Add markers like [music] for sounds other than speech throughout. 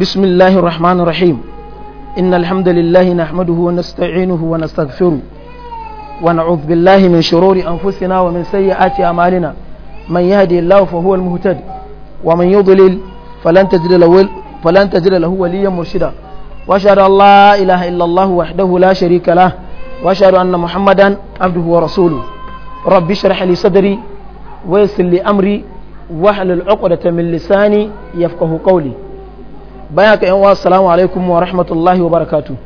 بسم الله الرحمن الرحيم إن الحمد لله نحمده ونستعينه ونستغفره ونعوذ بالله من شرور أنفسنا ومن سيئات أعمالنا من يهدي الله فهو المهتد ومن يضلل فلن تجد له فلن تجد له وليا مرشدا وأشهد أن لا إله إلا الله وحده لا شريك له وأشهد أن محمدا عبده ورسوله رب اشرح لي صدري ويسر لي أمري واحلل عقدة من لساني يفقه قولي bayan haka yan wa salamu alaikum wa rahmatullahi wa barakatu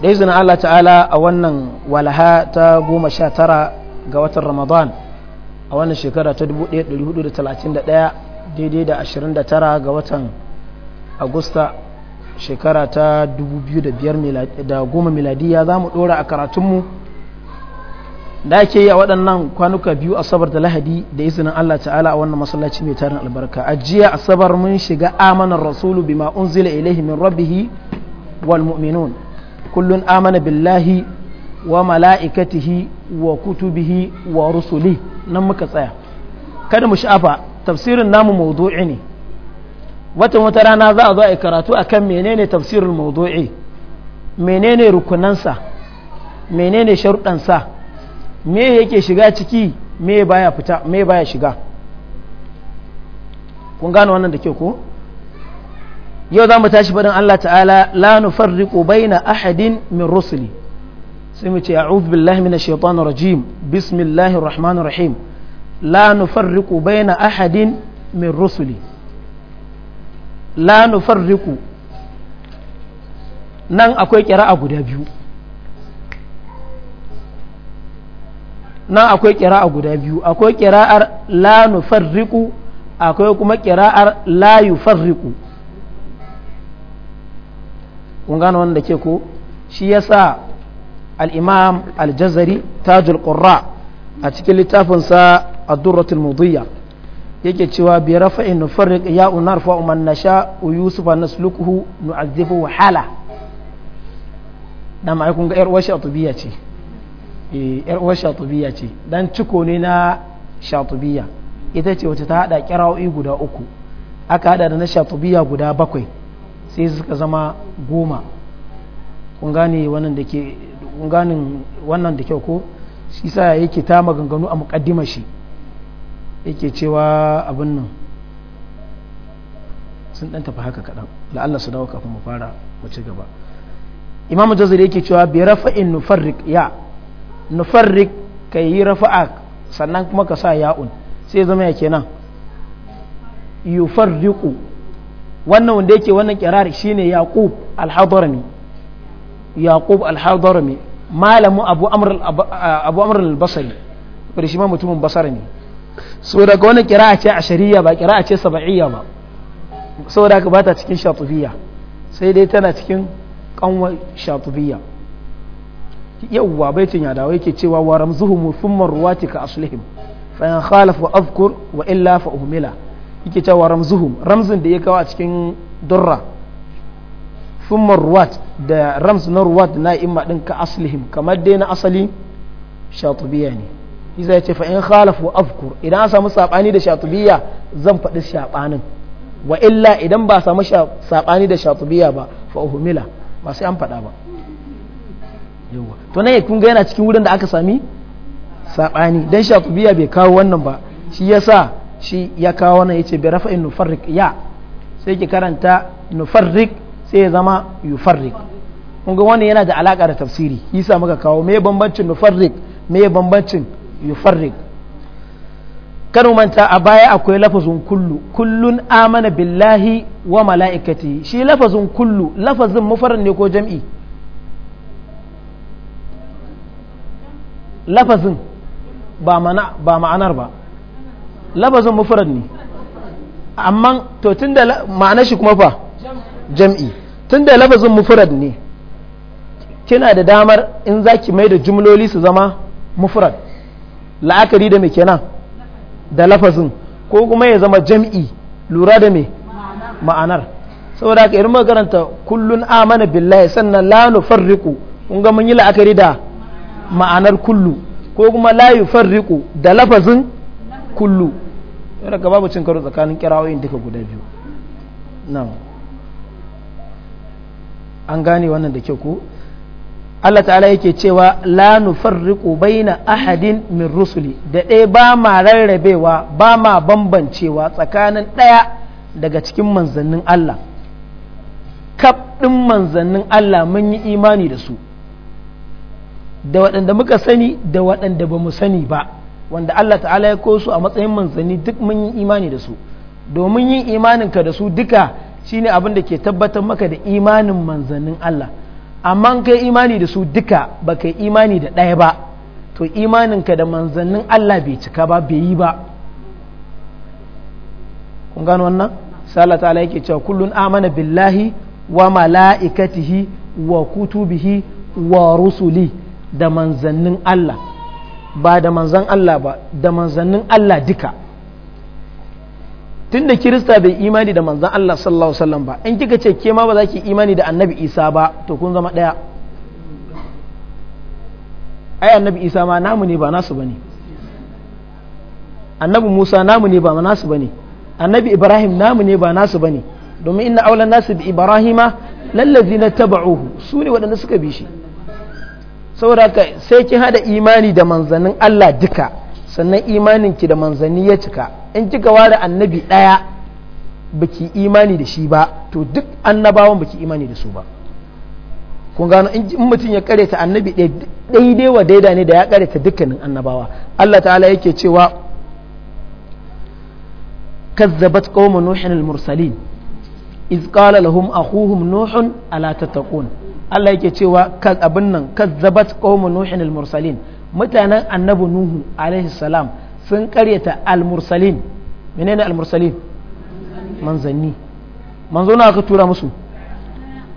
da izinin Allah ta'ala a wannan walaha ta goma sha tara ga watan ramadan a wannan shekara ta 1431 daidai da 29 ga watan agusta shekara ta 2005 da goma miladiya za mu dora a karatunmu da ake yi a waɗannan kwanuka biyu asabar da lahadi da izinin Allah ta'ala a wannan masallaci mai tarin albarka a jiya asabar mun shiga amanar rasulu bima unzila ilaihi min rabbihi wal mu'minun kullun amana billahi wa mala'ikatihi wa kutubihi wa rusuli nan muka tsaya kada mu sha'afa tafsirin namu mawdu'i ne watan wata rana za a zo a yi karatu akan menene tafsirin mawdu'i menene rukunansa menene sharuɗansa me yake shiga ciki me baya fita me baya shiga kun gano wannan da ke ko yau za mu tashi faɗin Allah ta'ala la nufarriqu baina ahadin min rusuli sai mu ce a'udhu billahi minash shaitanir rajim bismillahir rahmanir rahim la nufarriqu baina ahadin min rusuli la nufarriqu nan akwai kira'a guda biyu nan akwai kira'a guda biyu akwai kira'ar la nufarriku akwai kuma kira'ar la yufarriqu kun gane wanda ke ko shi yasa al-imam al-jazari tajul a cikin littafinsa ad-durratul mudiyya yake cewa bi rafa'in nufarriq ya unarfa man nasha wa yusufa naslukuhu nu'azzifu hala da ma'aikun ga yar tubiya ce E, yar uwar shatubiya ce dan ciko ne na shatubiya ita ce wacce ta hada kira'o'i guda uku aka hada da na shatubiya guda bakwai sai suka zama goma kun gane wannan da ke kun gane wannan da kyau ko shi sa yake ta maganganu a muqaddima shi yake cewa abin nan sun dan tafi haka kadan allah su dawo kafin mu fara mu ci gaba imamu jazari yake cewa bi rafa'in nufarriq ya nufarrik ka yi rafa'a sannan kuma ka sa ya'un sai zama ya kenan yufarriku wannan wanda yake wannan kirar shine yaqub al-hadrami yaqub al-hadrami malamu abu amr abu amr al-basri bari shi ma mutumin basara ne so daga wannan kira'a ce ashariya ba kira'a ce sab'iyya ba saboda daga bata cikin shatubiyya sai dai tana cikin kanwa shatubiyya yawwa baitin ya dawo yake cewa wa ramzuhum thumma ruwati ka aslihim fa in khalafu wa azkur wa illa fa uhmila yake cewa ramzuhum ramzin da ya kawo a cikin durra thumma ruwat da ramz na ruwat na imma din ka aslihim kamar dai na asali shatubiya ne isa ya ce fa in khalafu wa azkur idan an samu sabani da shatubiya zan faɗi shabanin wa illa idan ba samu sabani da shatubiya ba fa uhmila ba sai an faɗa ba yawa to nan kun ga yana cikin wurin da aka sami sabani dan shatubiya bai kawo wannan ba shi yasa shi ya kawo wannan yace bi rafa'in nufarrik ya sai ki karanta nufarrik sai ya zama yufarrik kun ga wannan yana da alaka da tafsiri yasa muka kawo me bambancin nufarrik me bambancin yufarrik kar manta a baya akwai lafazin kullu kullun amana billahi wa mala'ikati shi lafazin kullu lafazin mufarrin ne ko jam'i lafazin ba ma'anar ba lafazin mufarar ne amma to tun da ma'anar shi kuma fa jam'i tun da lafazin mufarar ne kina da damar in za ki mai da jumloli su zama mufarar la'akari da mai kenan da lafazin ko kuma ya zama jam'i lura da mai ma'anar saboda ka irin magaranta kullun amana billahi sannan la nufarriqu kun ga mun yi la'akari da ma'anar kullu ko kuma la farriku da lafazin kullu yana ka babu cin karo tsakanin kirawoyin duka guda biyu an gane wannan da kyau ko Allah ta'ala yake cewa la nufarriqu baina ahadin min rusuli da ɗaya ba ma rarrabewa ba ma bambancewa tsakanin ɗaya daga cikin manzannin Allah kaf ɗin manzannin Allah mun yi imani da su da waɗanda muka sani da waɗanda ba mu sani ba wanda Allah ta'ala ya su a matsayin manzanni duk mun yi imani da su domin yin imaninka da su duka shine abin da ke tabbatar maka da imanin manzannin Allah amma kai imani da su duka ba kai imani da ɗaya ba to imaninka da manzannin Allah bai cika ba bai yi ba kun gano wannan sai Allah ta'ala yake cewa kullun amana billahi wa mala'ikatihi wa kutubihi wa rusuli da manzannin Allah ba da manzan Allah ba da manzannin Allah duka tunda kirista bai imani da manzan Allah sallallahu alaihi wasallam ba in kika ce ke ma ba za ki imani da annabi Isa ba to kun zama ɗaya. ai annabi Isa ma namu ne ba nasu ba ne annabi Musa namu ne ba nasu ba ne annabi Ibrahim namu ne ba nasu ba ne domin inna aulan nasu bi Ibrahima lallazi lallazina taba'uhu su ne waɗanda suka bi shi saboda sai kin hada imani da manzannin Allah duka sannan imanin ki da manzani ya cika in kika ware annabi daya baki imani da shi ba to duk annabawan baki imani da su ba kun gano in mutum ya kareta annabi daidai wa daida ne da ya kareta dukkanin annabawa Allah ta'ala yake cewa kazzabat qaumun nuhin al-mursalin iz qala lahum akhuhum nuhun ala tattaqun Allah yake cewa abin nan kazzabat qaumun nuhin al-mursalin mutanen annabi nuhu alaihi salam sun karyata al-mursalin menene al-mursalin manzanni manzo na aka tura musu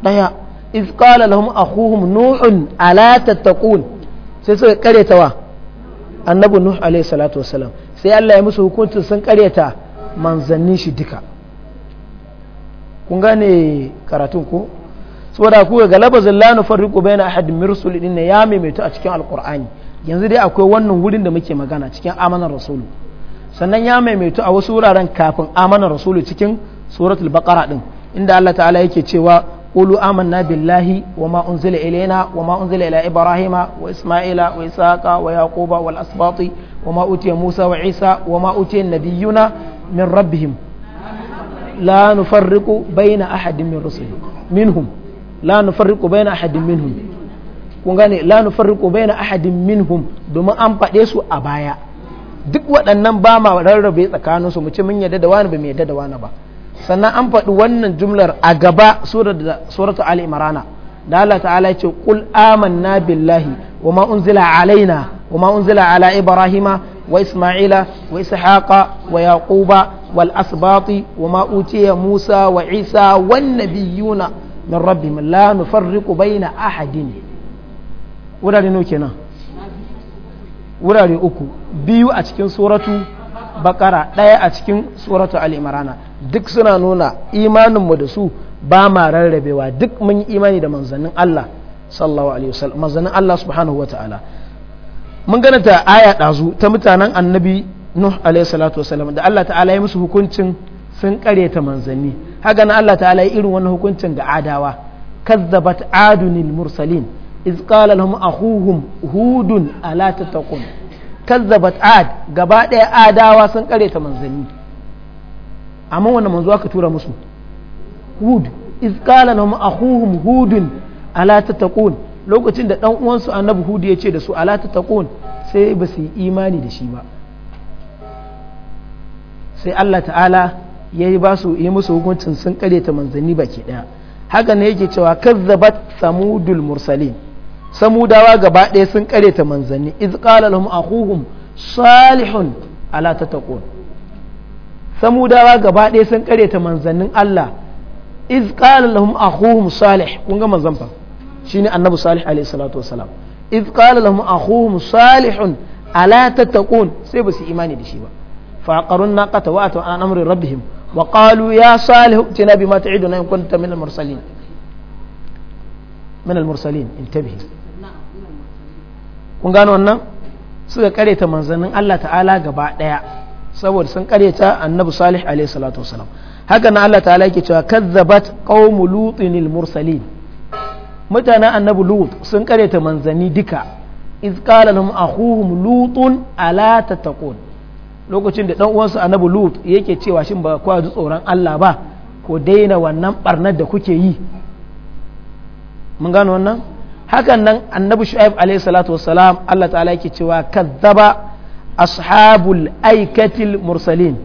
daya iz qala lahum akhuhum nuhun ala tattaqun sai suka karyata wa annabi nuhu alaihi salatu wasalam sai Allah ya musu hukuncin sun karyata manzannin shi duka kun gane karatun ko saboda ku ga labazin la nufarriqu baina ahadin min rusulin ya maimaitu a cikin alqur'ani yanzu dai akwai wannan wurin da muke magana cikin amanar rasulu sannan ya maimaitu a wasu wuraren kafin amanar rasulu cikin suratul baqara din inda Allah ta'ala yake cewa qulu amanna billahi wama unzila ilaina wama unzila ila ibrahima wa isma'ila wa isaqa wa yaquba wal asbati wama utiya musa wa isa wama utiya nabiyuna min rabbihim la nufarriqu baina ahadin min rusulih minhum la nufarriqu baina ahadin minhum kun gane la nufarriqu baina ahadin minhum domin an faɗe su a baya duk waɗannan ba ma rarrabe tsakanin su mace mun yadda da wani ba mu yadda da wani ba sannan an faɗi wannan jumlar a gaba suratu ali imrana da Allah ta'ala ce qul amanna billahi wa ma unzila alaina wa ma unzila ala ibrahima wa isma'ila wa ishaqa wa yaquba wal asbati wa ma utiya musa wa isa wan nabiyuna min rabbihim la nufarriqu baina ahadin wurare no nan wurare uku biyu a cikin suratu bakara ɗaya a cikin suratu al'imrana duk suna nuna imaninmu da su ba ma rarrabewa duk mun yi imani da manzannin Allah sallallahu alaihi wasallam manzannin Allah subhanahu ta'ala mun gana ta aya ɗazu ta mutanen annabi nuh alaihi salatu wasallam da Allah ta'ala ya musu hukuncin sun ƙaryata manzanni haka na Allah ta'ala ya irin wannan hukuncin ga adawa kazzabat adunil mursalin iz qala lahum akhuhum hudun ala tattaqun kazzabat ad gaba daya adawa sun kare ta manzanni amma wannan manzo aka tura musu hud iz qala lahum akhuhum hudun ala tattaqun lokacin da dan uwansu annabi hud ya ce da su ala tattaqun sai ba su yi imani da shi ba sai Allah ta'ala ya yi ba su yi musu hukuncin sun karyata manzanni baki daya haka ne yake cewa kazzabat samudul mursalin samudawa gaba ɗaya sun karyata manzanni iz qala lahum akhuhum salihun ala tattaqun samudawa gaba ɗaya sun karyata manzannin Allah iz qala lahum akhuhum salih kun ga manzan fa shine annabi salih alayhi salatu wasalam iz qala lahum akhuhum salihun ala tattaqun sai ba su imani da shi ba fa qarun naqata wa atu an amri rabbihim وقالوا يا صالح ائتنا بما تعدنا إن كنت من المرسلين من المرسلين انتبه kun gano wannan suka karyata manzannin Allah ta'ala gaba daya saboda sun karyata annabi salih alaihi salatu wasalam haka na Allah ta'ala yake cewa kazzabat qaumu lutin mursalin mutanen annabi lut sun karyata manzanni duka iz qala lahum akhuhum lutun ala tattaqun lokacin da dan uwansa annabi lut yake cewa shin ba kwa ji tsoron Allah ba ko daina wannan barnar da kuke yi mun gano wannan hakan nan annabi shu'aib alaihi salatu wassalam Allah ta'ala yake cewa kazzaba ashabul aikatil mursalin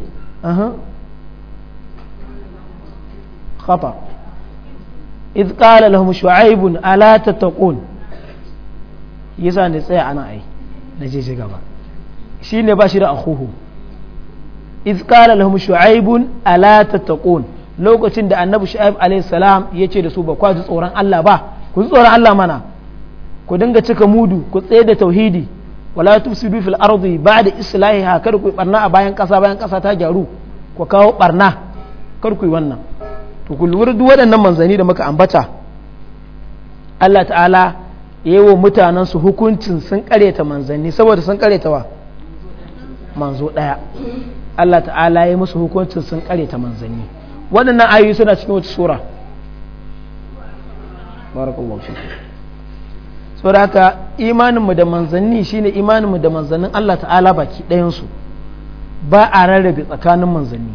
خطأ إذ قال لهم شعيب ألا تتقون يسا نتسيع أنا أي نجي ba shi da أخوهم iz qala lahum shu'aibun ala lokacin da annabi shu'aib alayhi salam yace da su ba ku ji tsoron Allah ba ku Allah mana ku dinga cika mudu ku tsaye da tauhidi wala tufsidu fil ardi ba'da islahiha kar ku barna a bayan kasa bayan kasa ta gyaru ku kawo barna kar ku yi wannan to ku lura duk waɗannan manzani da muka ambata Allah ta'ala wa mutanen su hukuncin sun kareta manzani saboda sun kareta wa manzo daya Allah ta'ala ya musu hukuncin sun kare ta manzanni waɗannan ayoyi suna cikin wata sura barakallahu fiku saboda haka imaninmu da manzanni shine imaninmu da manzannin Allah ta'ala baki ɗayansu ba a rarrabe tsakanin manzanni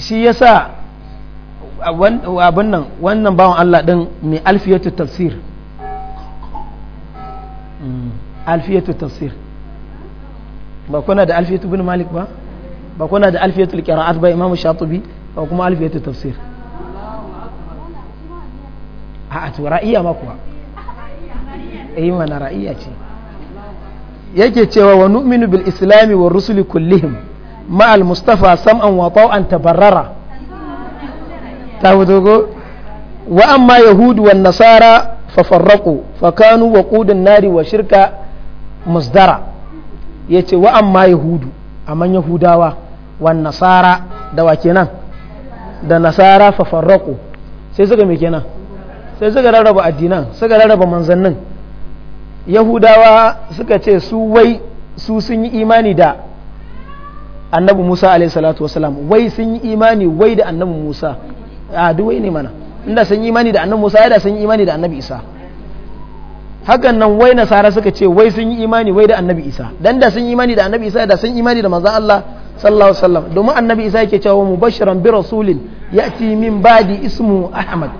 shi yasa abin nan wannan bawan Allah din mai alfiyatu tafsir alfiyatu tafsir ba kuna da alfiyatu bin malik ba ba kuna da alfiyatu qira'at ba imam shatibi ba kuma alfiyatu tafsir a to ra'iya ma kuwa eh mana ra'iya ce yake cewa wa nu'minu bil islami wa rusul kullihim ma al mustafa sam'an wa taw'an tabarrara ta wudogo wa amma yahudu wa nasara fa farraqu fa kanu waqudun nari wa shirka musdara ya ce wa amma yahudu amma yahudawa wa nasara da wa kenan da nasara fa farraku sai suka me kenan sai suka rarraba addinan suka rarraba manzannin yahudawa suka ce su wai su sun yi imani da annabi musa alaihi salatu wasalam wai sun yi imani wai da annabi musa a duwai ne mana inda sun yi imani da annabi musa ya da sun yi imani da annabi isa hakan nan wai nasara suka ce wai sun yi imani wai da annabi isa dan da sun yi imani da annabi isa da sun yi imani da manzon Allah sallallahu alaihi wasallam domin annabi isa yake cewa mubashiran bi rasulin yati min badi ismu ahmad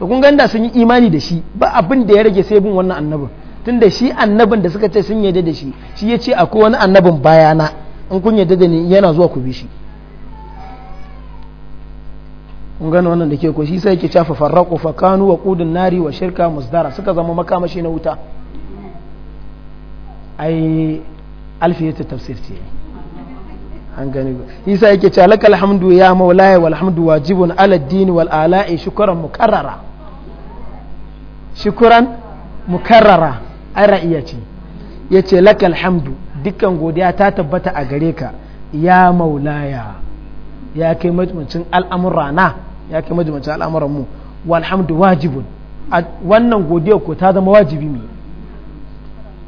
to kun ganda sun yi imani da shi ba abin da ya rage sai bin wannan annabin tunda shi annabin da suka ce sun yarda da shi shi ya ce akwai wani annabin bayana in kun yarda da ni yana zuwa ku bi shi kun gano wannan da ke ko shi sai yake cafa farraqu fa kanu wa qudun nari wa shirka musdara suka zama makamashi na wuta ai alfiyatu tafsir ce an gani sai yake ce lakal hamdu ya maulaya wal hamdu wajibun ala dini wal ala'i shukran mukarrara shukran mukarrara ai ra'iya ce yace lakal hamdu dukkan godiya ta tabbata a gare ka ya maulaya ya kai majmuncin al'amura na ya kai majmuncin al'amuran mu walhamdu wajibun wannan godiya ko ta zama wajibi mai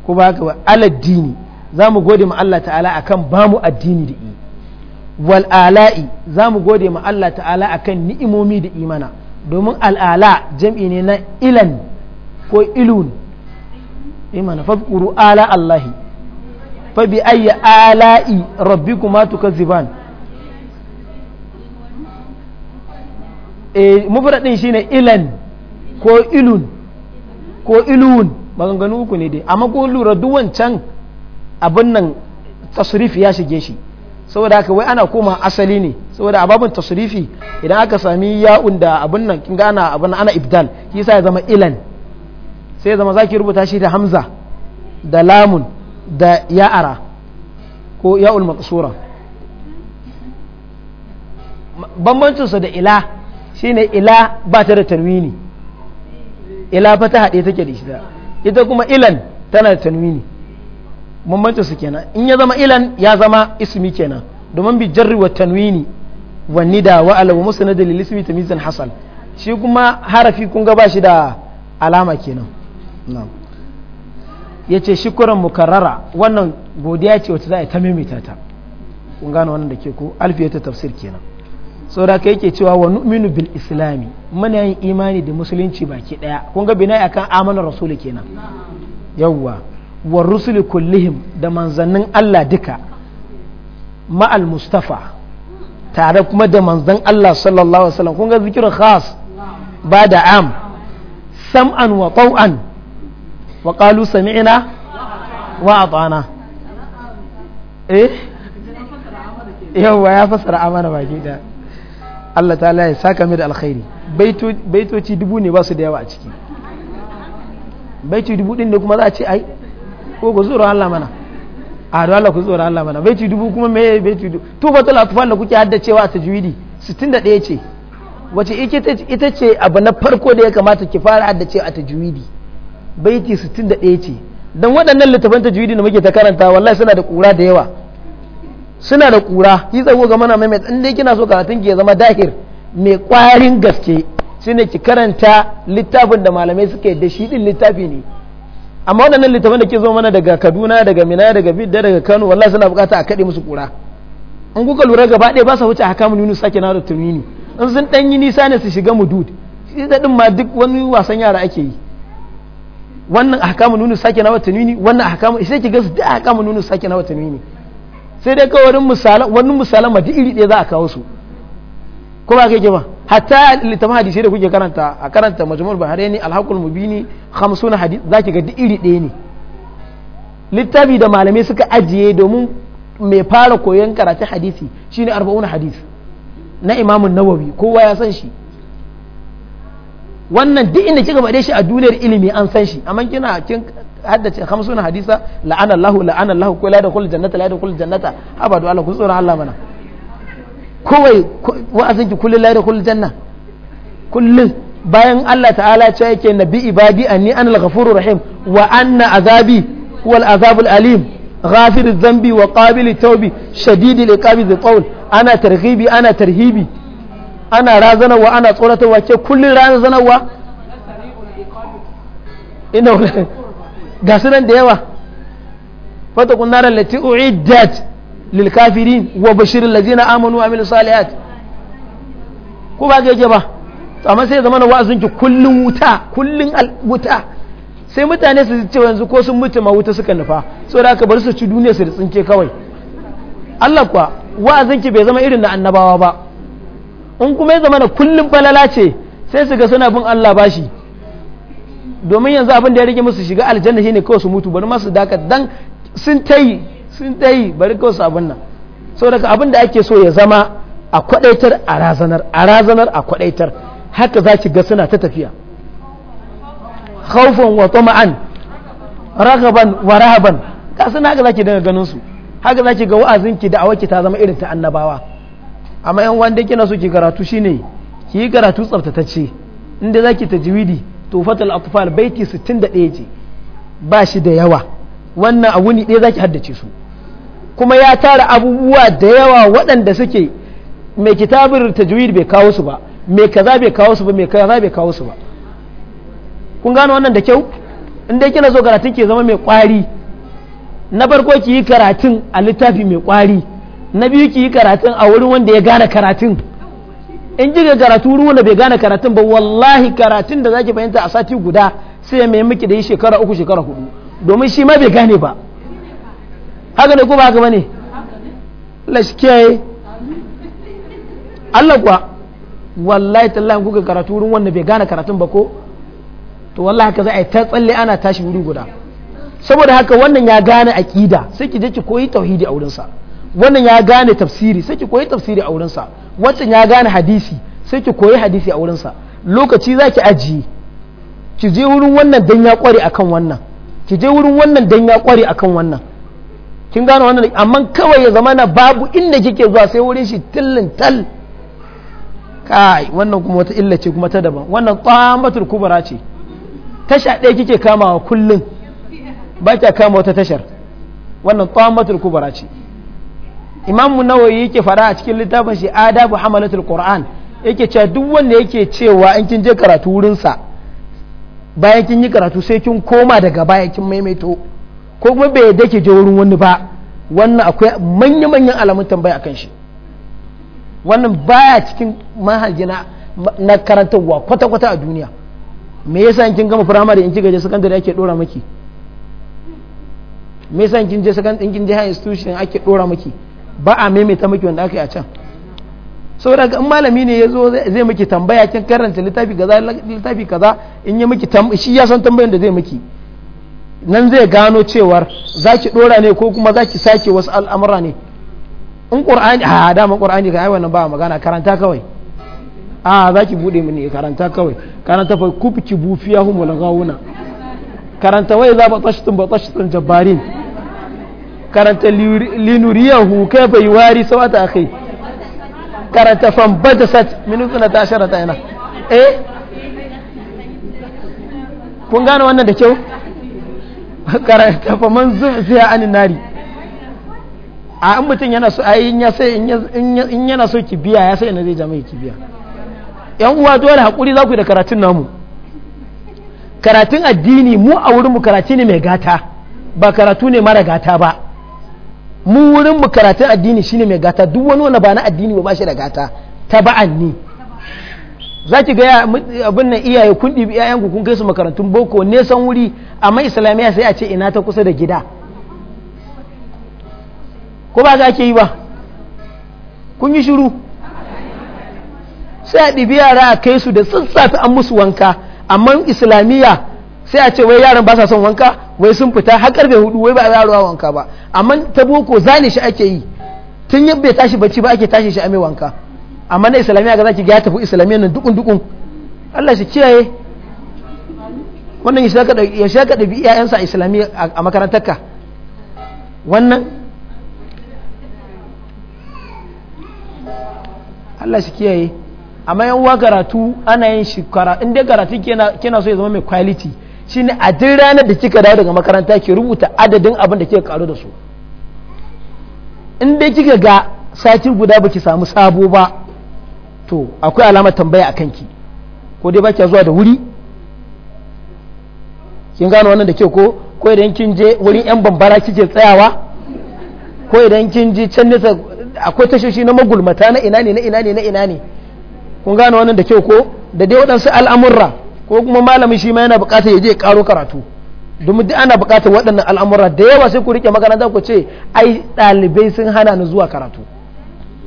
ko ba ka ba aladdini za mu gode ma Allah ta'ala akan ba mu addini da yi wal'alai za mu gode ma Allah ta'ala akan ni'imomi da imana domin al'ala jam'i ne na ilan ko ilun imana fadkuru ala Allahi fa bi ayyi ala'i rabbikuma ziban. Eh, mufradin shine ilan ko ilun ko ilun maganganu uku ne dai amma ko lura duk wancan abin nan tasrifi ya shige shi saboda haka wai ana koma asali ne saboda ababun tasrifi idan aka sami ya'un da abin nan kin gana abin ana ibdal shi ya zama ilan sai ya zama zaki rubuta shi da hamza da lamun da ya'ara ko ya'ul maqsura bambancinsa da ila shine ila ba ta da tanwini ila fa ta haɗe take da ita ita kuma ilan tana da tanwini bambancin su kenan in ya zama ilan ya zama ismi kenan domin bi jarri wa tanwini wa nida wa ala wa musnad lil ismi tamyizan hasal shi kuma harafi kun ga ba shi da alama kenan na'am yace shukran mukarrara wannan godiya ce wacce za a ta maimaita ta kun gane wannan da ke ko ta tafsir kenan saboda ka yake cewa wa nu'minu bil islami muna yin imani da musulunci baki daya kun ga bina akan amanar rasul kenan yawwa wa rusuli kullihim da manzannin Allah duka ma'al mustafa tare kuma da manzan Allah sallallahu alaihi wasallam kun ga zikirin khas ba da am sam'an wa tau'an wa qalu sami'na wa atana eh yawwa ya fasara amana baki daya Allah ta laye saka mai da alkhairi baitoci dubu ne ba su da yawa a ciki Baitu dubu din ne kuma za a ce ai ko ku tsoron Allah mana a da Allah ku tsoron Allah mana Baitu dubu kuma me baitu dubu to ba tala tufan da kuke haddacewa a tajwidi 61 ce wace ita ce abu na farko da ya kamata ki fara haddace a tajwidi baiti 61 ce dan waɗannan littafan tajwidi da muke ta karanta wallahi suna da kura da yawa suna da kura yi tsawo ga mana mai in dai kina so karatun ki ya zama dahir mai kwarin gaske shine ki karanta littafin da malamai suka yadda shi din littafi ne amma waɗannan littafin da ke zo mana daga Kaduna daga Mina daga Bidda daga Kano wallahi suna bukata a kaɗe musu kura in kuka lura gaba ɗaya ba su wuce a mun Yunus sake na da tumini in sun ɗan yi nisa ne su shiga mudud shi da din ma duk wani wasan yara ake yi wannan ahkamu nunu sake na wata nuni wannan ahkamu sai ki ga su da ahkamu nunu sake na wata nuni sai dai kawai wani misalan wani misalan ba iri ɗaya za a kawo su ko ba kai ba hatta littafin hadisi da kuke karanta a karanta majmul bahraini alhaqul mubini 50 za ki ga duk iri ɗaya ne littafi da malamai suka ajiye domin mai fara koyon karatu hadisi shine arba'un hadis na imamun nawawi kowa ya san shi wannan duk inda kika faɗe shi a duniyar ilimi an san shi amma kina kin haddace hamsuna hadisa la'ana Allah la'ana Allah ko la dakhul jannata la dakhul jannata abadu Allah ku tsoron Allah mana kowai wa'azin ki kullu la dakhul janna kullu bayan Allah ta'ala ce yake nabi ibadi anni anal ghafurur rahim wa anna azabi huwal azabul alim wa الذنب وقابل التوب شديد العقاب ذي طول ana ترغيبي ana tarhibi ana رازنا وانا tsoratarwa ke kullun razana wa ina ga nan da yawa fata kunnarar lati uiddat lil kafirin wa bashirin lazina amanu amil salihat ko ba ga yake ba amma sai zama wa'azin ki kullun wuta kullun wuta sai mutane su ce yanzu ko sun mutu ma wuta suka nufa saboda aka bar su ci duniya su tsinke kawai Allah kuwa wa'azin ki bai zama irin na annabawa ba in kuma ya kullun balala ce sai su ga suna bin Allah bashi domin yanzu abin da ya rage musu shiga aljanna shine kawai su mutu bari ma su daka dan sun tayi sun tayi bari kawai su abin nan saboda abin da ake so ya zama a kwadaitar a razanar a razanar a kwadaitar haka za ki ga suna ta tafiya khawfan wa tama'an ragaban wa rahaban ka haka za ki ganin su haka zaki ga wa'azin ki da awaki ta zama irin ta annabawa amma yan wanda kina so ki karatu shine ki karatu tsaftatacce inda zaki ki tajwidi tufatul atfal baiti 61 ce ba shi da yawa wannan a wuni ɗaya zaki haddace su kuma ya tara abubuwa da yawa waɗanda suke mai kitabin tajwid bai kawo su ba mai kaza bai kawo su ba mai kaza bai kawo su ba kun gano wannan da kyau in dai na zo karatun ke zama mai kwari na farko ki yi karatun a littafi mai kwari na biyu ki yi karatun a wurin wanda ya gane karatun in kika karatu ruwan da bai gane karatun ba wallahi karatun da zaki fahimta a sati guda sai mai miki da yi shekara uku shekara hudu domin shi ma bai gane ba haka ne ko ba haka bane lashke Allah kuwa wallahi tallahi kuka karatu ruwan wanda bai gane karatun ba ko to wallahi haka za a yi ta tsalle ana tashi wuri guda saboda haka wannan ya gane aqida sai ki je ki koyi tauhidi a wurinsa sa wannan ya gane tafsiri sai ki koyi tafsiri a wurinsa wancan ya gane hadisi sai ki koyi hadisi a wurinsa lokaci za ki ajiye ki je wurin wannan dan ya kware akan wannan ki je wurin wannan dan ya kware akan wannan kin gane wannan amma kawai ya zamana babu inda kike zuwa sai wurin shi tillin tal kai wannan kuma wata illa ce kuma ta daban wannan tsamatul kubra ce tasha ɗaya kike kamawa kullum ba kya kama wata tashar wannan tsamatul kubra ce imam nawawi yake fara a cikin littafin shi adabu hamalatul qur'an yake cewa duk wanda yake cewa in kin je karatu wurin sa bayan kin yi karatu sai kin koma daga baya kin maimaito ko kuma bai yadda ke je wurin wani ba wannan akwai manya-manyan alamun tambaya akan shi wannan baya cikin manhaji na karantarwa kwata-kwata a duniya me yasa in kin gama firamare in kika je sakandare ake dora maki me yasa in kin je sakandare in kin je high institution ake dora maki ba a maimaita miki wanda aka yi a can saboda in malami ne ya zo zai miki tambaya kin karanta littafi kaza littafi kaza in ya miki shi ya san tambayar da zai miki nan zai gano cewar za ki dora ne ko kuma za ki sake wasu al'amura ne in qur'ani a dama qur'ani ga ai wannan ba magana karanta kawai a za ki bude mini karanta kawai karanta fa kubki bufiyahum wal gawuna karanta wai za ba tashtum ba tashtum jabbarin karanta linuriyahu wari sau ta akhi karanta fan bajasat minutuna ta ashara ta yana eh kun gane wannan da kyau [laughs] karanta fa man zuhziya anin nari a an mutum yana so ayi ya sai in yana so ki biya ya sai na zai jama'i ki biya yan uwa dole hakuri za ku da karatun namu karatun addini mu a wurin mu karatu ne mai gata ba karatu ne mara gata ba mu wurin mu karatun addini shine mai gata duk wani wanda ba na addini ba shi da gata taba'an ni za ki ga abin nan iyaye kun ɗibi iyayenku kun kai su makarantun boko nesan wuri amma islamiyya sai a ce ina ta kusa da gida ko ba za ke yi ba kun yi shiru sai a ɗibi yara a kai su da sassafe an musu wanka amma islamiyya sai a ce wai yaran ba sa son wanka wai sun fita har karfe hudu wai ba a yaro wanka ba amma ta boko zane shi ake yi tun yin bai tashi bacci ba ake tashi shi a mai wanka amma na islamiyya ga zaki ga ya tafi islamiyya nan dukun dukun Allah shi kiyaye wannan ya shi haka ɗabi iyayensa a islamiyya a makarantarka wannan Allah shi kiyaye amma yan uwa karatu ana yin shi karatu inda karatu kina so ya zama mai quality ne a duk ranar da kika dawo daga makaranta ki rubuta adadin abin da kika karu da su in dai kika ga sati guda ba ki samu sabo ba to akwai alamar tambaya a kanki ko dai ba ki zuwa da wuri kin gano wannan da ke ko ko idan kin je wurin yan bambara kike tsayawa ko idan kin je can nesa akwai tashoshi na magulmata na ina ne na ina ne na ina ne kun gano wannan da ke ko da dai waɗansu al'amurra ko kuma malami shi ma yana bukatar ya je karo karatu domin duk ana bukatar waɗannan al'amura da yawa sai ku rike makaranta ku ce ai ɗalibai sun hana ni zuwa karatu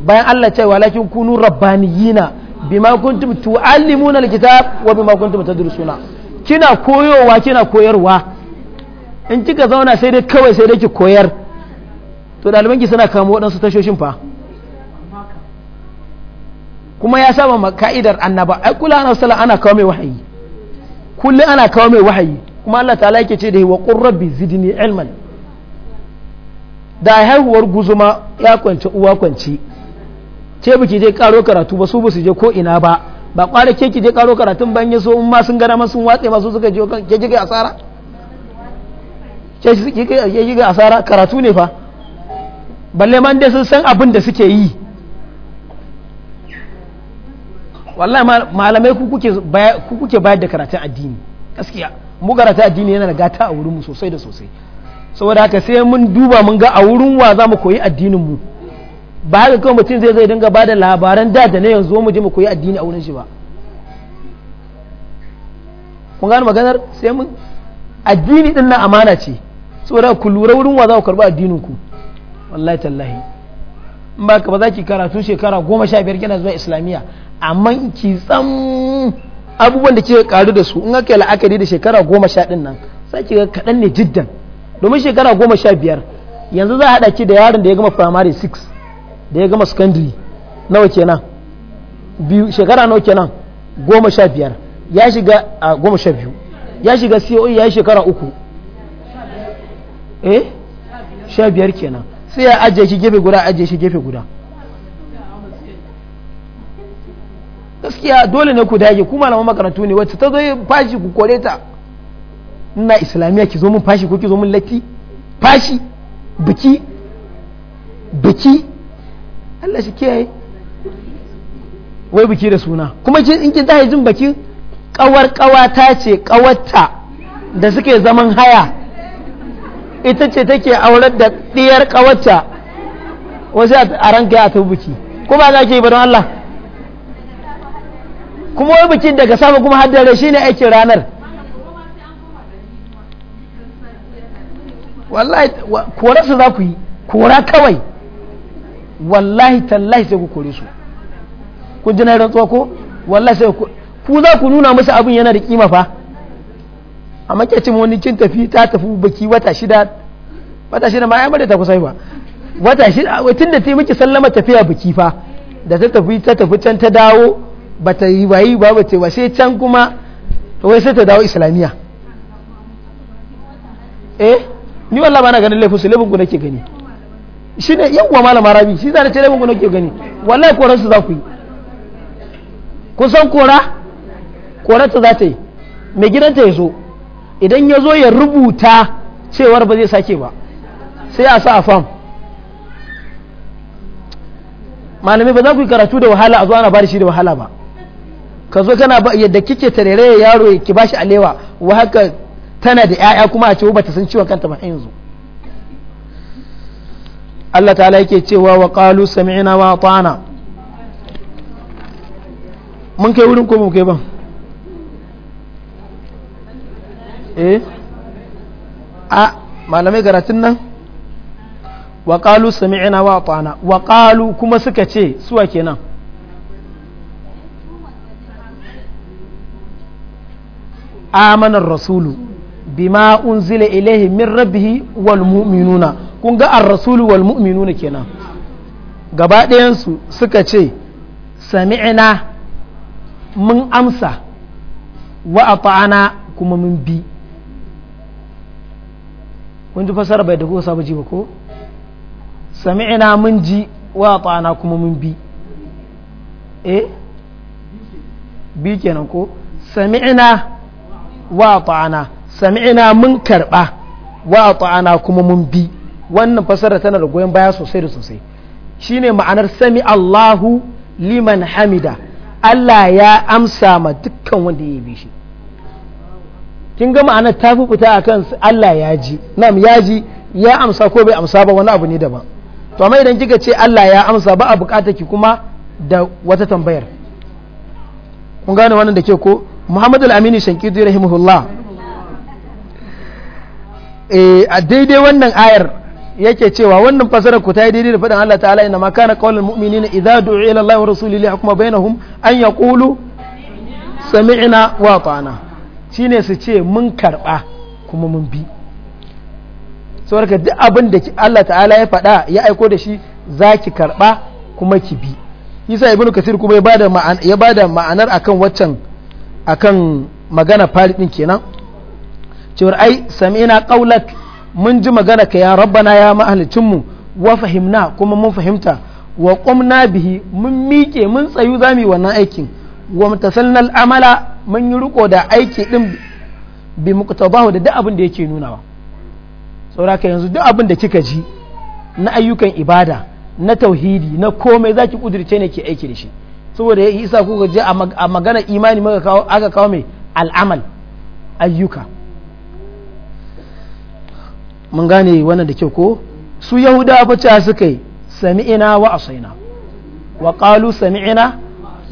bayan Allah cewa lakin kunu rabbaniyina bima kuntum tu'allimuna alkitab wa bima kuntum tadrusuna kina koyowa kina koyarwa in kika zauna sai dai kawai sai dai ki koyar to ɗaliban ki suna kamo waɗansu tashoshin fa kuma ya saba ma ka'idar annaba ai kula ana sallah ana kawo mai wahayi kullum ana kawo mai wahayi kuma Allah ta laike ce da wa qur rabbi zidni ilman da haihuwar guzuma ya kwance uwa kwance ce biki je karo karatu ba su ba su je ko ina ba ba kware ke ki je karo karatun ban yaso in ma sun gana sun watse ma su suka je kan ke ga asara ke ga asara karatu ne fa balle man dai sun san abin da suke yi wallahi malamai ku kuke bayar da karatun addini gaskiya mu karatun addini yana da gata a wurinmu sosai da sosai saboda haka sai mun duba mun ga a wurin wa za mu koyi addinin mu ba haka kawai mutum zai zai dinga ba da labaran da da na yanzu mu je mu koyi addini a wurin shi ba kun gano maganar sai mun addini din na amana ce saboda ku lura wurin wa za ku karba addinin ku wallahi tallahi in ba ka ba za ki karatu shekara goma sha biyar kina zuwa islamiyya amma ki tsam abubuwan da kika karu da su in aka yi la'akari da shekara goma sha ɗin nan sai ki kaɗan ne jiddan domin shekara goma sha biyar yanzu za a haɗa ki da yaron da ya gama primary 6 da ya gama secondary nawa kenan biyu shekara nawa kenan goma sha biyar ya shiga a goma sha biyu ya shiga coe ya yi shekara uku eh sha biyar kenan sai ya ajiye shi gefe guda ajiye shi gefe guda gaskiya dole ne ku dage ku malaman makarantu ne wacce ta zo fashi ku kore ta ina islamiyya ki zo mun fashi ko ki zo mun latti fashi biki biki Allah shi kiyaye wai biki da suna kuma in kin tashi jin baki kawar kawata ce kawarta da suke zaman haya ita ce take aurar da diyar kawarta wasu a ranka ya ta biki ko ba za ki yi ba don Allah kuma wai bikin daga sama kuma haddare shine aikin ranar wallahi kora su za ku yi kora kawai wallahi tallahi sai ku kore su kun ji na rantsuwa ko wallahi sai ku za ku nuna musu abin yana da kima fa a ke wani kin tafi ta tafi baki wata shida wata shida ma ya mada ta kusa yi ba wata shida tun da ta miki sallama tafiya baki fa da ta tafi ta tafi can ta dawo ba ta yi wayi ba ba ce ba sai can kuma wai sai ta dawo islamiyya eh ni wallah ba na ganin laifin su laifin ku nake gani shi ne yan kuma malama rabi shi zane ce laifin ku nake gani wallahi koran su za ku yi kusan kora korarta za ta yi mai gidanta ya zo idan ya zo ya rubuta cewar ba zai sake ba sai a sa a fam malamai ba za ku yi karatu da wahala a zo ana ba da shi da wahala ba ka zo kana ba yadda kike tarere yaro ki bashi alewa wa haka tana da ƴaƴa kuma a ce ba ta san ciwon kanta ba yanzu Allah ta'ala yake cewa wa qalu sami'na wa ata'na mun kai wurin ko mun kai ba eh a malamai karatun nan wa qalu sami'na wa ata'na wa qalu kuma suka ce suwa kenan amana rasulu bima unzila ilaihi min rabbihi wal mu'minuna kun ga ar-rasulu wal mu'minuna kenan gaba ɗayansu suka ce sami'na mun amsa wa ata'ana kuma mun bi kun ji mun ji wa ata'ana kuma mun bi bi kenan ko sami'na wa ta'ana sami'ina mun karba wa ta'ana kuma mun bi wannan fasara tana da goyon baya sosai da sosai shine ma'anar sami Allahu liman hamida Allah ya amsa ma dukkan wanda ya bi shi kin ga ma'anar ta fi fita akan Allah ya ji nam ya ji ya amsa ko bai amsa ba wani abu ne daban to amma idan kika ce Allah ya amsa ba a bukata ki kuma da wata tambayar kun gane wannan da ke ko muhammadu al-amini shankidi rahimahullah eh, a daidai wannan ayar yake cewa wannan fasarar ku ta yi daidai da faɗin Allah ta'ala inna ma kana qaulul mu'minina idza du'u ila Allah wa rasulihi hukuma bainahum an yaqulu sami'na wa ata'na shine su ce mun karba kuma mun bi saboda duk abin da Allah ta'ala ya faɗa ya aiko da shi zaki karba kuma ki bi isa ibnu kasir kuma ya bada ma'anar akan waccan akan magana fari din kenan cewar ai sami'na qaulat mun ji magana ka ya rabbana ya mahalicin mu wa fahimna kuma mun fahimta wa qumna bihi mun miƙe mun tsayu zami wannan aikin wa mutasalnal amala mun yi riko da aiki din bi muqtabahu da duk abin da yake nunawa saboda yanzu duk abin da kika ji na ayyukan ibada na tauhidi na komai zaki kudirce ne ke aiki da shi saboda ya isa kuka je a magana imani aka kawo mai al'amal ayyuka mun gane wannan da kyau ko su yahuda ce suka yi sami'ina wa asaina wa qalu sami'ina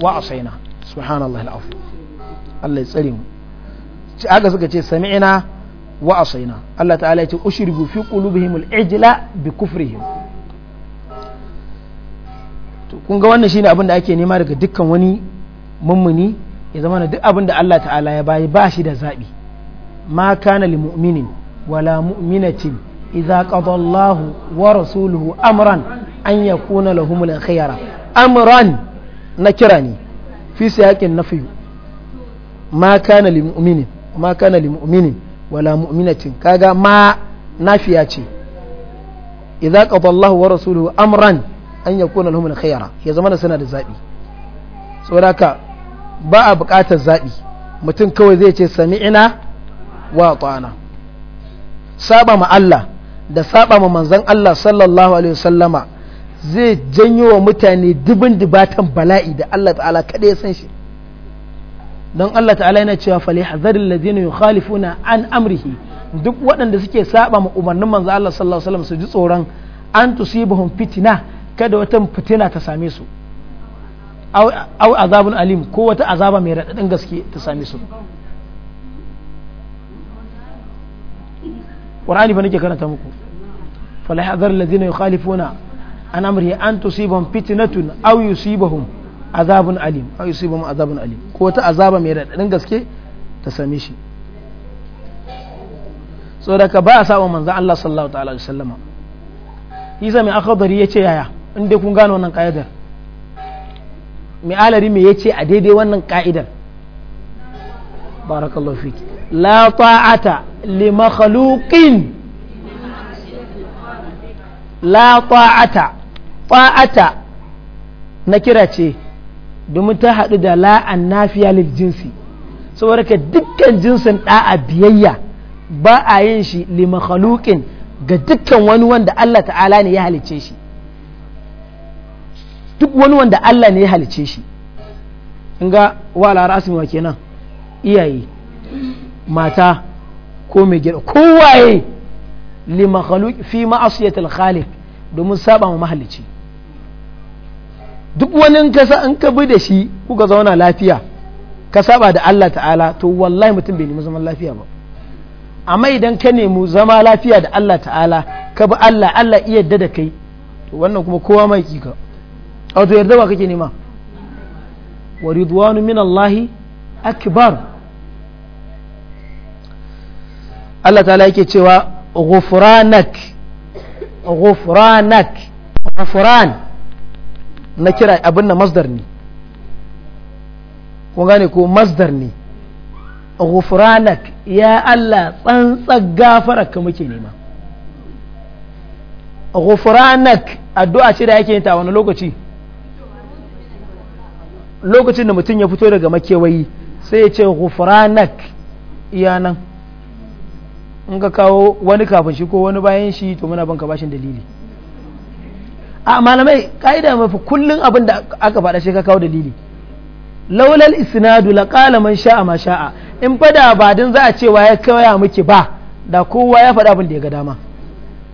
wa asaina subhanallahi al'afu Allah ya tsare mu aka suka ce sami'ina wa asaina Allah ta'ala ya ce ushribu fi qulubihim al'ijla bi kufrihim to kun ga wannan shine abin da ake nema daga dukkan wani mummuni ya zama duk abin da Allah ta'ala ya bayi ba shi da zaɓi ma kana lil mu'minin wala mu'minatin idza qada Allahu wa rasuluhu amran an yakuna lahum al khayra amran na kira ne fi siyaqin nafyu ma kana lil mu'minin ma kana lil mu'minin wala mu'minatin kaga ma nafiya ce idza qada Allahu wa rasuluhu amran an yakuna lahum khayara ya zama suna da zaɓi saboda ba a buƙatar zaɓi mutum kawai zai ce sami'ina wa ta'ana saba ma Allah da saba ma manzan Allah sallallahu alaihi wasallama zai janyo wa mutane dubin dubatan bala'i da Allah ta'ala kada ya san shi don Allah ta'ala yana cewa fali hazarin ladina khalifuna an amrihi duk waɗanda suke saba ma umarnin manzo Allah sallallahu alaihi wasallam su ji tsoron an tusibahum fitina kada wata fitina ta same su au azabun alim ko wata azaba mai raɗaɗin gaske ta same su ƙwarani ba nake karanta muku falahazar lazina ya khalifuna an amri an tusibahum fitnatun aw yusibahum azabun alim aw yusibahum azabun alim ko wata azaba mai raɗaɗin gaske ta same shi saboda ka ba a saba manzo Allah sallallahu ta'ala alaihi wasallama Isa mai akhadari yace yaya in dai kun gano wannan ka'idar mai alari me ce a daidai wannan ka'idar barakallahu la ta'ata li makhluqin la ta'ata ta'ata na kira ce domin ta haɗu da la'an nafiya lil jinsi saboda ka dukkan jinsin ɗa'a biyayya ba a yin shi li ga dukkan wani wanda Allah ta'ala ne ya halicce shi duk wani wanda Allah ne ya halice shi in ga wa al'arasin wa kenan iyaye mata ko mai gida kowaye li makhluk fi al khaliq domin saba ma mahalicci duk wani in ka bi da shi kuka zauna lafiya ka saba da Allah ta'ala to wallahi mutum bai nemi zaman lafiya ba amma idan ka nemi zama lafiya da Allah ta'ala ka bi Allah Allah iya da kai to wannan kuma kowa mai kika a to yarda ba kake nema wa ridwanu min Allahi akbar Allah ta'ala yake cewa ghufranak ghufranak ghufran na kira abin na masdar ne kun gane ko masdar ne ghufranak ya Allah tsantsar gafararka muke nema ghufranak addu'a ce da yake yin ta wani lokaci lokacin da mutum ya fito daga makewayi sai ya ce ghufranak iya nan in ka kawo wani kafin shi ko wani bayan shi to muna banka bashin dalili a malamai ka'ida mafi kullum abin da aka faɗa shi ka kawo dalili laulal isnadu la man sha'a ma sha'a in fada ba din za a cewa ya kawaya miki ba da kowa ya faɗa abin da ya ga dama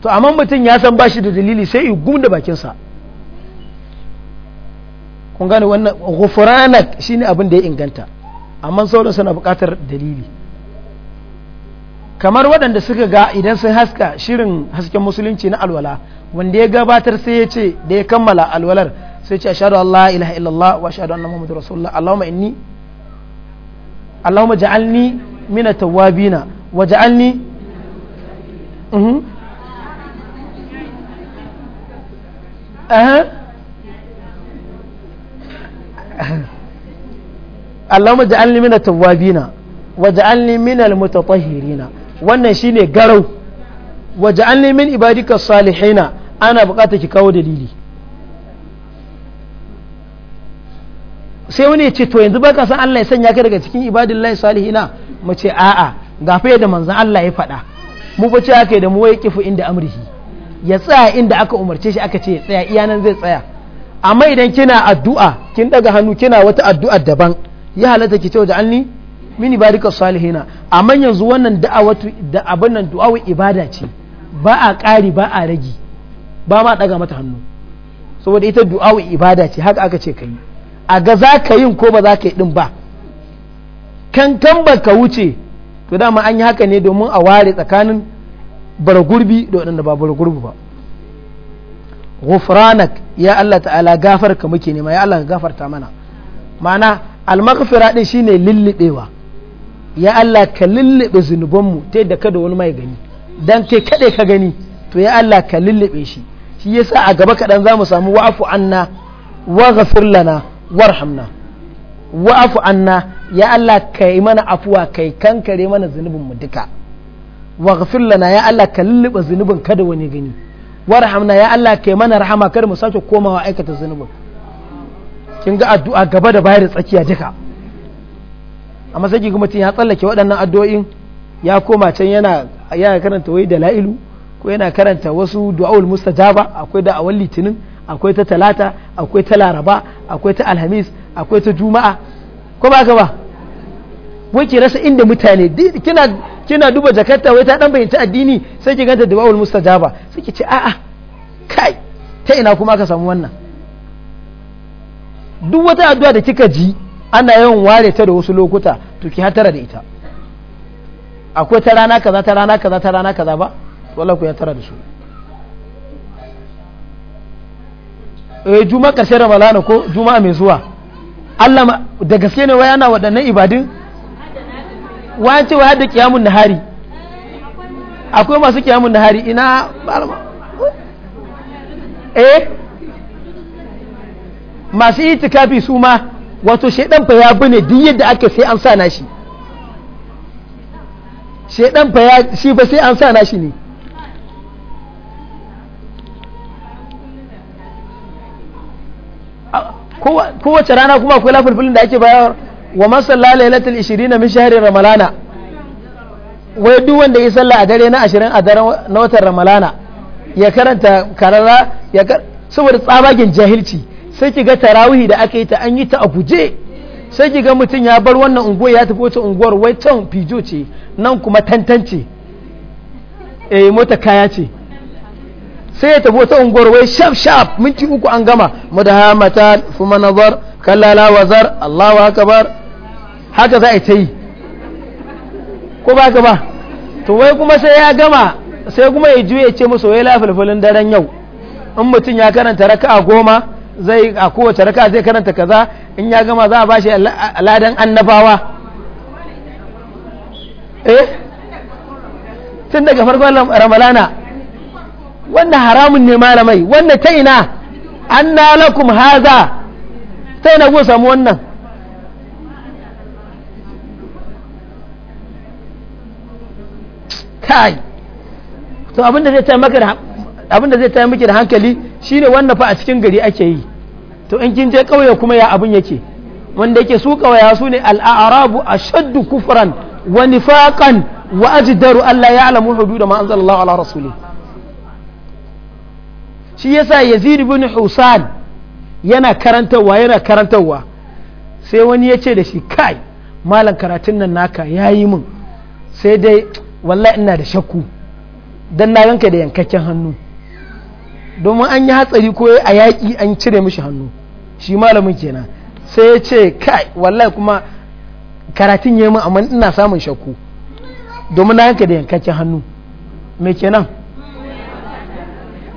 to amma mutum ya san bashi da dalili sai ya gum da kun gane wannan ghufranak shine abin da ya inganta amma sauran suna buƙatar dalili kamar waɗanda suka ga idan sun haska shirin hasken musulunci na alwala wanda ya gabatar sai ya ce da ya kammala alwalar sai ce ashhadu Allah ilaha illallah wa ashhadu anna muhammadur rasulullah allahumma inni allahumma ja'alni min at-tawwabina wa ja'alni eh Allahumma ja'alni minat tawwabina wa ja'alni minal mutatahhirina wannan shine garau wa ja'alni min ibadika salihina ana bukata ki kawo dalili sai wani ya ce to yanzu baka san Allah ya sanya ka daga cikin ibadillahi salihina mu ce a'a ga fa yadda manzon Allah ya faɗa mu ba ce haka da mu wai kifu inda amrihi ya tsaya inda aka umarce shi aka ce ya tsaya iyanan zai tsaya amma idan kina addu'a kin daga hannu kina wata addu'a daban ya halatta ki ce da anni mini barika salihina amma yanzu wannan da'awatu da abin nan du'awu ibada ce ba a ƙari ba a ragi ba ma daga mata hannu saboda ita du'awu ibada ce haka aka ce kai a ga za ka yin ko ba za ka yi din ba kankan ba ka wuce to dama an yi haka ne domin a ware tsakanin bara gurbi da waɗanda ba bara gurbi ba ghufranak ya Allah ta'ala gafarka muke nema ya Allah gafarta mana ma'ana almaghfira din shine lillibewa ya Allah ka lullube zunubanmu ta da kada wani mai gani dan kai ka gani to ya Allah ka lullube shi shi yasa a gaba kaɗan zamu samu wa'afu anna wa ghafir lana warhamna wa'afu anna ya Allah ka yi mana afuwa kai kankare mana zunubin mu duka wa lana ya Allah ka lullube zunubin kada wani gani warhamna ya Allah kai mana rahama kar mu sake komawa aikata zunubin kin ga addu'a gaba da bayar da tsakiya duka amma sai kuma mutum ya tsallake waɗannan addu'o'in ya koma can yana yana karanta wai dalailu ko yana karanta wasu du'aul mustajaba akwai da awal litinin akwai ta talata akwai ta laraba akwai ta alhamis akwai ta juma'a ko ba ka ba wai ki rasa inda mutane kina kina duba jakarta wai ta dan bayyanta addini sai ki ganta da du'aul mustajaba sai ki ce a'a kai ta ina kuma aka samu wannan duk wata addu'a da kika ji ana yawan ware ta da wasu lokuta to ki hatara da ita akwai ta rana kaza ta rana kaza ta rana kaza ba wallahi ku hatara da su eh juma'a karshen ramadana ko juma'a mai zuwa Allah da gaske ne wai ana waɗannan ibadun wani cewa har da kiyamun nahari akwai masu kiyamun nahari ina malama eh masu itikafi su ma wato shaidan fa ya bane duk yadda aka sai an sa shi, shaidan fa ya shi ba sai an sa shi ne kowace rana kuma akwai lafulfulin da ake bayar wa man salla lailatul 20 min shahri ramalana wai duk wanda ya salla a dare na 20 a daren na watan ramalana ya karanta karara ya saboda tsabagin jahilci sai kiga tarawihi da aka yi ta an yi ta a guje sai kiga mutum ya bar wannan unguwar ya tafi wata unguwar wai can fijo ce nan kuma tantance eh mota kaya ce sai ya tafi wata unguwar wai shaf shaf minti uku an gama mudahamatan fuma nazar kallala wazar allahu akbar haka za a ta yi ko ba ka ba to wai kuma sai ya gama sai kuma ya juye ce musu wai lafilfilin daren yau in mutum ya karanta raka'a goma zai a kowace raka zai karanta kaza in ya gama za a bashi aladen annabawa eh tun daga farkon ramalana wannan haramun ne malamai wannan ta ina an na lakum haza ta ina gusa samu wannan kai to abinda zai taya maka da abinda zai taya miki da hankali shine wanda fa a cikin gari ake yi to in kin je kauye kuma ya abin yake wanda yake su kawaya su ne al'arabu ashaddu kufran wa nifaqan wa ajdaru alla ya'lamu hudud ma anzalallahu ala rasuli shi yasa Yazid ibn Husan yana karantarwa yana karantarwa sai wani ya ce da shi kai malam karatun nan naka yayi min sai dai wallah ina da shakku dan na ganka da yankakken hannu domin an yi hatsari ko a yaƙi an cire mishi hannu shi malamin kenan sai ya ce kai wallahi kuma karatun ya mu amma ina samun shakku domin na ganka da yankakken hannu me kenan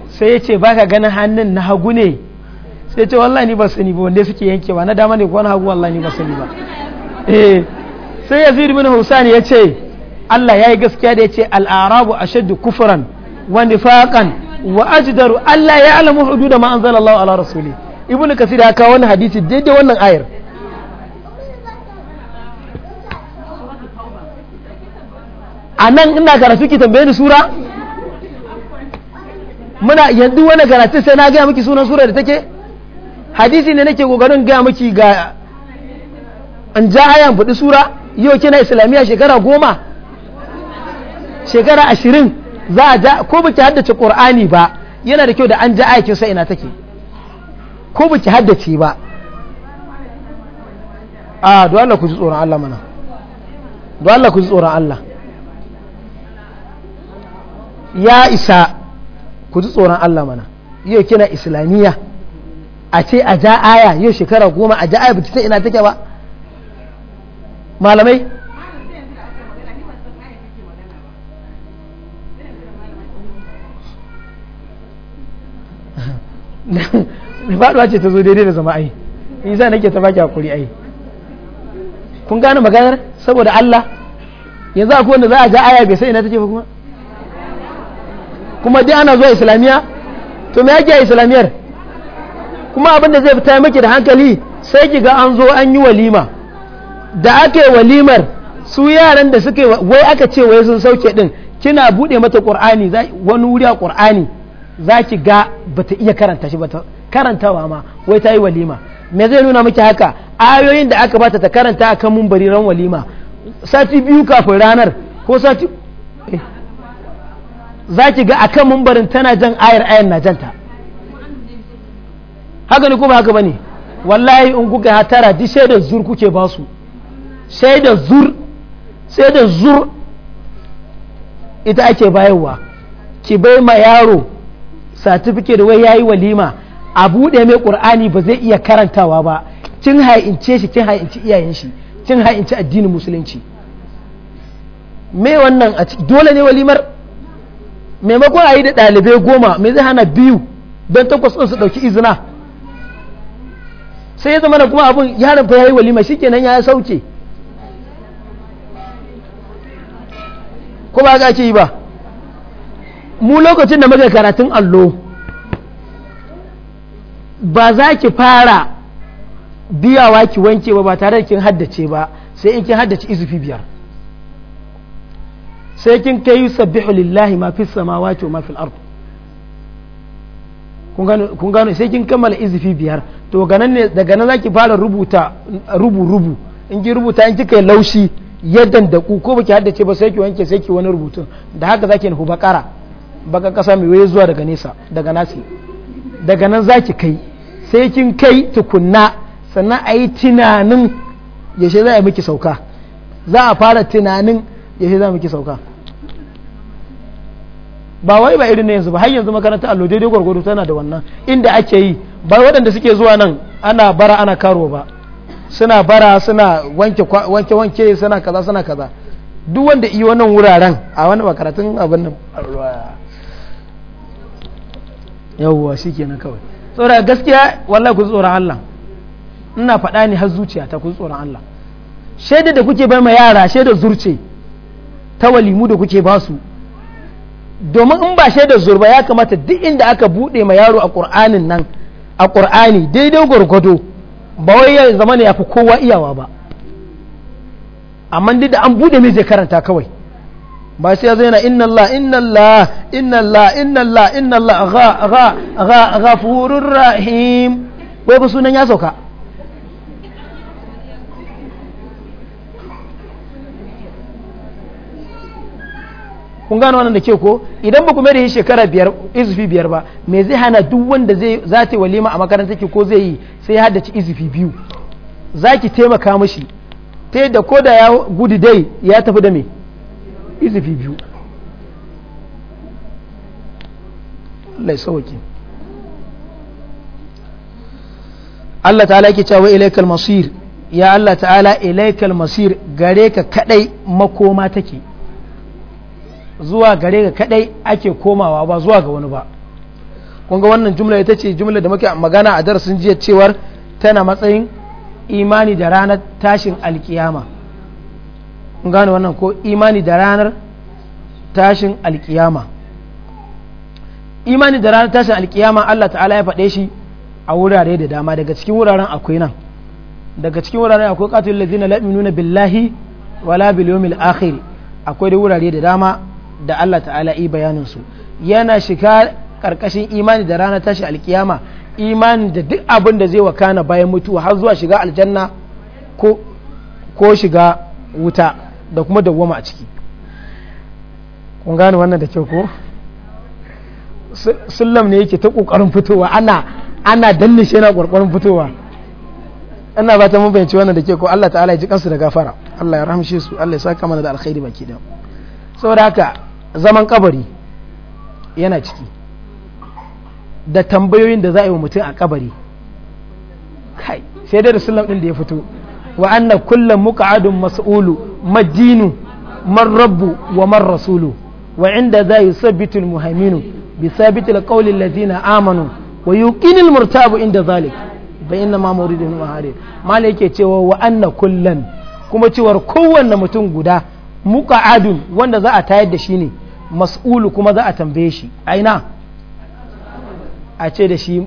sai ya ce ba ka ganin hannun na hagu ne sai ce wallahi ni ba sani ba wanda suke yankewa na dama ne ko na hagu wallahi ni ba sani ba eh sai yazid bin ne ya ce Allah ya yi gaskiya da ya ce al'arabu a shaddu kufuran wa nifaƙan wa ajidaru Allah ya alamu hudu da ma'an wa ala rasuli ibn kasir ya kawo wani hadisi daidai wannan ayar a nan ina karatu ki tambaye ni sura muna yanzu wani karatu sai na gaya miki sunan sura da take hadisi ne nake kokarin gaya miki ga an ja ayan faɗi sura yau kina islamiyya shekara goma shekara ashirin za a ja ko baki haddace qur'ani ba yana da kyau da an ja aikin sa ina take ko baki haddace ba a don Allah ku ji tsoron Allah mana don Allah ku ji tsoron Allah ya isa ku ji tsoron Allah mana yau kina islamiyya a ce a ja aya yau shekara goma a ja aya baki sai ina take ba malamai faɗuwa ce ta zo daidai da zama ai ni za nake ta baki hakuri ai kun gane maganar saboda Allah yanzu akwai wanda za a ga aya bai sai ina take ba kuma kuma dai ana zuwa islamiya to me yake islamiyar kuma abin da zai fita miki da hankali sai ki ga an zo an yi walima da ake walimar su yaran da suke wai aka ce wai sun sauke din kina bude mata qur'ani wani wuri a qur'ani za ki ga bata iya karanta shi bata karantawa ma wai ta yi walima me zai nuna miki haka ayoyin da aka bata ta karanta akan mun bari ran walima sati biyu kafin ranar ko sati eh. za ki ga akan mumbarin tana jan ayar ayar na janta haka ne kuma haka bane wallahi in kuka hatara di sai da zur kuke ba su sai da zur sai da zur ita ake bayarwa ki bai ma yaro satifiket wai yayi walima a buɗe mai ƙur'ani ba zai iya karantawa ba cin ha'ince shi cin haince iyayen shi cin haince addinin musulunci me wannan a dole ne walimar maimakon a yi da ɗalibai goma me zai hana biyu don takwas ɗin su ɗauki izina sai ya zama na kuma abin yaran fa ya yi walima shi kenan ya sauke ko ba ga ake yi ba mu lokacin da muka karatun allo ba za ki fara biyawa ki wanke ba ba tare da kin haddace ba sai in kin haddace izufi biyar sai kin kai sabbihu lillahi ma fi samawati wa ma fil ard kun gano sai kin kammala izufi biyar to ganan ne daga nan zaki fara rubuta rubu rubu in ki rubuta in kika laushi yadda da ku ko baki haddace ba sai ki wanke sai ki wani rubutun da haka zaki nufi bakara baka kasa mai waye zuwa daga nesa daga nasi daga nan zaki kai sai kin kai tukunna sannan a yi tunanin yaushe za a miki sauka za a fara tunanin yaushe za miki sauka ba wai ba irin na yanzu ba har yanzu makaranta allo daidai gwargwado tana da wannan inda ake yi ba waɗanda suke zuwa nan ana bara ana karo ba suna bara suna wanke wanke suna kaza suna kaza duk wanda iya wannan wuraren a wani makaratun abin nan yawwa kenan kawai tsora gaskiya wallahi ku tsoron Allah ina faɗa ne har zuciya ta ku tsoron Allah shaida da kuke bai ma yara shaida zurce ta walimu da kuke ba su domin in ba shaida zurba ya kamata duk inda aka buɗe ma yaro a ƙur'anin nan a ƙur'ani daidai gwargwado ba wai ya zama ne ya fi kowa iyawa ba amma duk da an buɗe mai zai karanta kawai ba sai zai na inna Allah inna Allah inna Allah inna Allah inna Allah ga ga ga ghafurur rahim ko ba sunan ya sauka kun gano wannan da ke ko idan ba ku mai da shi shekara biyar izufi biyar ba me zai hana duk wanda zai za ta walima a makarantar ki ko zai yi sai ya haddace izufi biyu za ki taimaka mashi ta yadda ko da ya gudu dai ya tafi da me izifi biyu lai sauki Allah ta'ala ke cewa ilaikal masir ya Allah ta'ala ilaikal masir gare ka kadai makoma take zuwa gare ka kadai ake komawa ba zuwa ga wani ba kun ga wannan jumla ita ce jumla da muke magana a darasin jiya cewar tana matsayin imani da ranar tashin alkiyama kun gane wannan ko imani da ranar tashin alkiyama imani da ranar tashin alkiyama Allah ta'ala ya faɗe shi a wurare da dama daga cikin wuraren akwai nan daga cikin wuraren akwai katul ladina la yu'minuna billahi wala bil yawmil akhir akwai da wurare da dama da Allah ta'ala yi bayanin su yana shiga karkashin imani da ranar tashin alkiyama imani da duk abin da zai wakana bayan mutuwa har zuwa shiga aljanna ko shiga wuta da kuma dawwama a ciki kun gane wannan da kyau ko sullam ne yake ta kokarin fitowa ana ana danne shi yana kokarin fitowa ina ba ta mun wannan da ke ko Allah ta'ala ya ji kansu da gafara Allah ya rahamshe su Allah ya saka mana da alkhairi baki da saboda haka zaman kabari yana ciki da tambayoyin da za a yi wa mutum a kabari kai sai dai da sullam din da ya fito wa anna kulla adun mas'ulu madinu man rabbu wa man rasulu wa inda za yusabbitu almuhaiminu bi sabiti alqawli alladhina amanu wa yuqinu almurtabu inda zalik fa inna ma muridun muharid mal yake cewa wa anna kullan kuma cewar kowanne mutum guda adun wanda za a tayar da shi ne mas'ulu kuma za a tambaye shi aina a ce da shi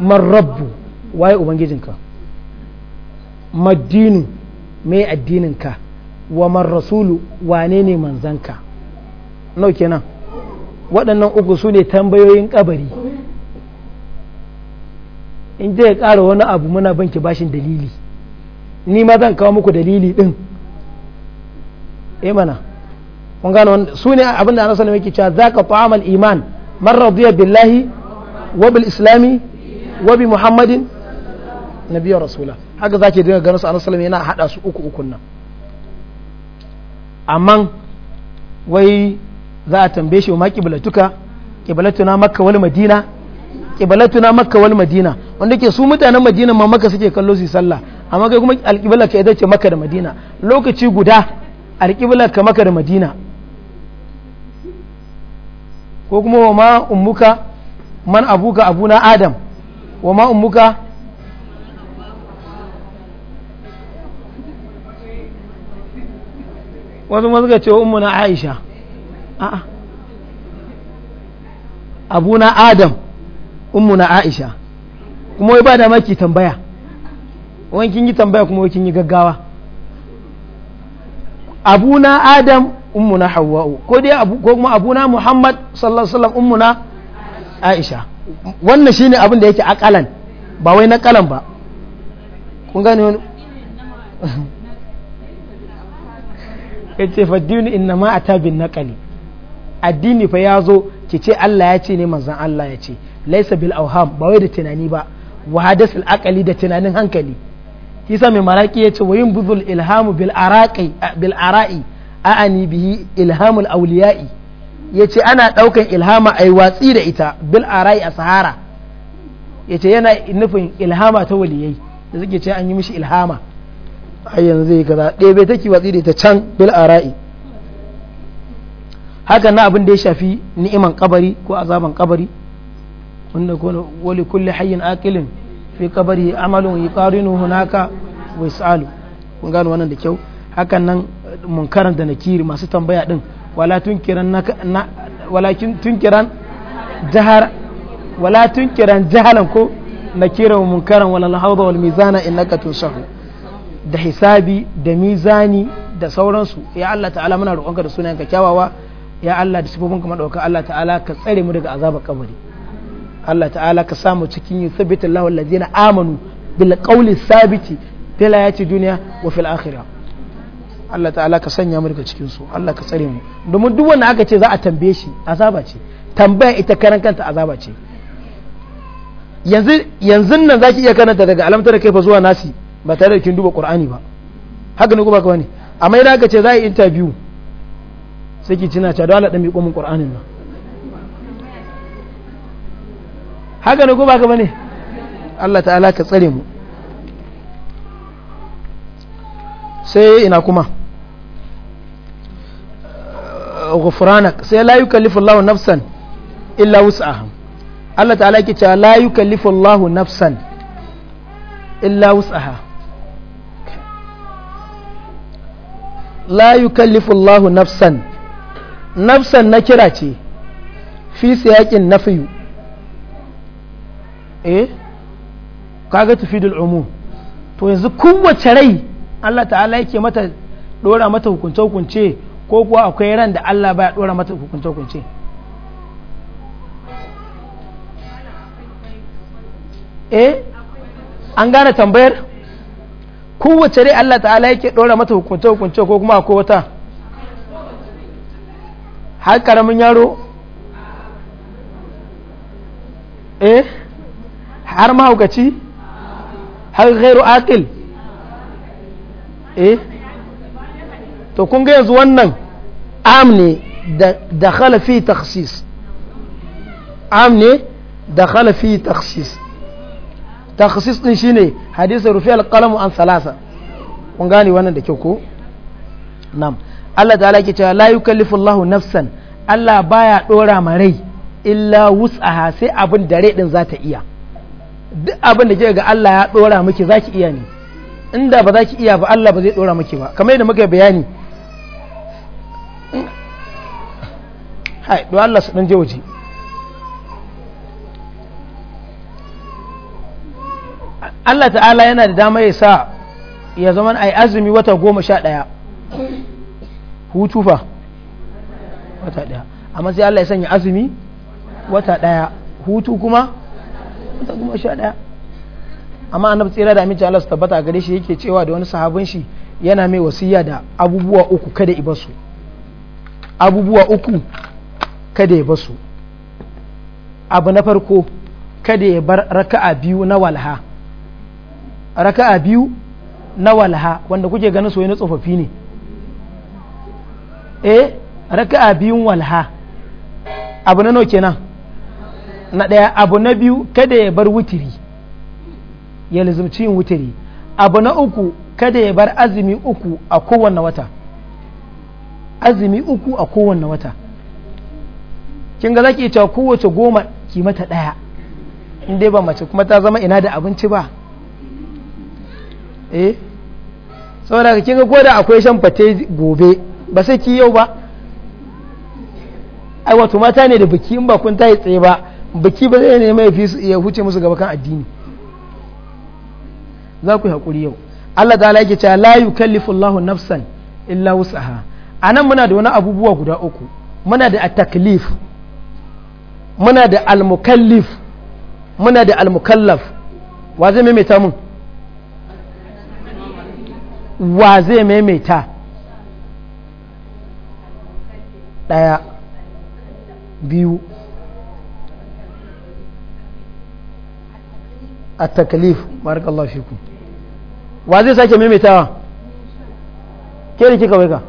man rabbu waye ubangijinka maddinu me addininka wa man rasulu wane ne manzanka nau kenan waɗannan uku su ne tambayoyin kabari in je ya ƙara wani abu muna banki bashin dalili ni ma zan kawo muku dalili ɗin eh mana kun gano su ne abin da anasala yake cewa za ka ta'amal iman man radiya billahi wa bil islami wa bi muhammadin nabiyar rasula haka zaki dinga ganin su annabi sallallahu yana hada su uku uku nan amma wai za a tambaye shi ma kiblatuka kiblatuna makka wal madina kiblatuna makka wal madina wanda ke su mutanen madina ma makka suke kallo su sallah amma kai kuma alqibla ka ita ce makka da madina lokaci guda alqibla ka makka da madina ko kuma wa ma ummuka man abuka abuna adam wa ma ummuka wasu ma suka ce ummu na aisha a'a abu na adam ummu na aisha kuma wai ba da maki tambaya wani kin yi tambaya kuma kin yi gaggawa abu na adam ummu na hawa'u ko dai abu ko kuma abu na muhammad sallallahu alaihi ummu na aisha wannan shine abin da yake akalan ba wai na kalan ba kun gane wani [laughs] yace ce faddini inna ma ata bin naqali addini fa ya zo ki ce Allah ya ce ne manzon Allah ya ce laisa bil auham ba wai da tunani ba wa hadasul aqali da tunanin hankali kisa mai maraki ya ce wa buzul ilhamu bil araqi bil ara'i a'ani bihi ilhamul awliya'i yace ana daukan ilhama ai watsi da ita bil ara'i a sahara yace yana nufin ilhama ta waliyai da suke ce an yi mishi ilhama ai yanzu zai kaza ɗebe take watsi da ita can bil ara'i haka na abin da ya shafi ni'iman kabari ko azaban kabari wanda ko wali kulli hayyin aqilin fi kabari amalun yuqarinu hunaka wa yasalu kun gano wannan da kyau hakan nan munkaran da nakiri masu tambaya din wala tunkiran na walakin tunkiran jahar wala tunkiran jahalan ko nakiran munkaran wala hawda wal mizana innaka tunsahu da hisabi da mizani da sauransu ya Allah ta'ala muna roƙonka da sunan ka kyawawa ya Allah da sifofin kamar ɗauka Allah ta'ala ka tsare mu daga azaba kabari Allah ta'ala ka samu cikin yuthabitu Allahu allazina amanu bil qawli sabiti fil hayati dunya wa fil akhirah Allah ta'ala ka sanya mu daga cikin su Allah ka tsare mu domin duk wanda aka ce za a tambaye shi azaba ce tambaya ita karan kanta azaba ce yanzu yanzu nan zaki iya karanta daga alamtar kai fa zuwa nasi ba tare da kin duba qur'ani ba haka ne baka wani amma idan aka ce za a yi interview sai ki cina ta dole da miƙo min qur'anin nan haka ne baka bane Allah ta'ala ka tsare mu sai ina kuma ghufranak sai la yukallifu Allah nafsan illa wus'aha Allah ta'ala ke cewa la yukallifu nafsan illa la yukallifu Allahu nafsan nafsan na kira ce fi siyaƙin nafiyu eh kaga tufidul umum to yanzu kowace rai Allah ta'ala yake mata ɗora mata hukunce hukunce ko kuwa akwai ran da Allah baya dora mata hukunce hukunce eh an gane tambayar kowace rai Allah ta'ala yake ɗora mata hukunce hukunce ko kuma ko wata har ƙaramin yaro eh har mahaukaci har gairu akil eh to kun ga yanzu wannan am ne da khalafi takhsis am ne da khalafi takhsis takhsis din shine hadisi rufi alqalamu an salasa kun gane wannan da kyau ko nam Allah ta'ala ke cewa la yukallifu Allah nafsan Allah baya dora ma rai illa wus'aha sai abin da rai din za ta iya duk abin da ke ga Allah ya dora miki zaki iya ne inda ba za ki iya ba Allah ba zai dora miki ba kamar yadda muka bayani hai do Allah su dan je waje Allah ta'ala yana da dama ya sa ya zama a yi azumi wata goma sha ɗaya hutu fa wata ɗaya amma sai Allah ya sanya azumi wata ɗaya hutu kuma wata goma sha ɗaya amma annabi tsira da aminci Allah su tabbata a gare shi yake cewa da wani sahabin shi yana mai wasiya da abubuwa uku kada i basu abubuwa uku kada ya basu abu na farko kada ya bar raka'a biyu na walha raka'a biyu na walha wanda kuke ganin soyayya na tsofaffi ne eh raka'a biyun walha abu na nawa kenan na ɗaya abu na biyu kada ya bar wutiri ya lizumci yin wutiri abu na uku kada ya bar azumi uku a kowanne wata azumi uku a kowanne wata kin ga zaki cewa kowace goma ki mata ɗaya in dai ba mace kuma ta zama ina da abinci ba eh saboda kin ga koda akwai shan fate gobe ba sai ki yau ba ai wato mata ne da biki in ba kun tayi tsaye ba biki ba zai su ya huce musu gaba kan addini za ku haƙuri yau Allah ta yake cewa la yukallifu Allahu nafsan illa wusaha anan muna da wani abubuwa guda uku muna da at-taklif muna da al-mukallif muna da al-mukallaf wa zai maimaita mun wa zai maimaita ɗaya biyu a takalif shi ku wa zai sake maimaitawa ke da kika waika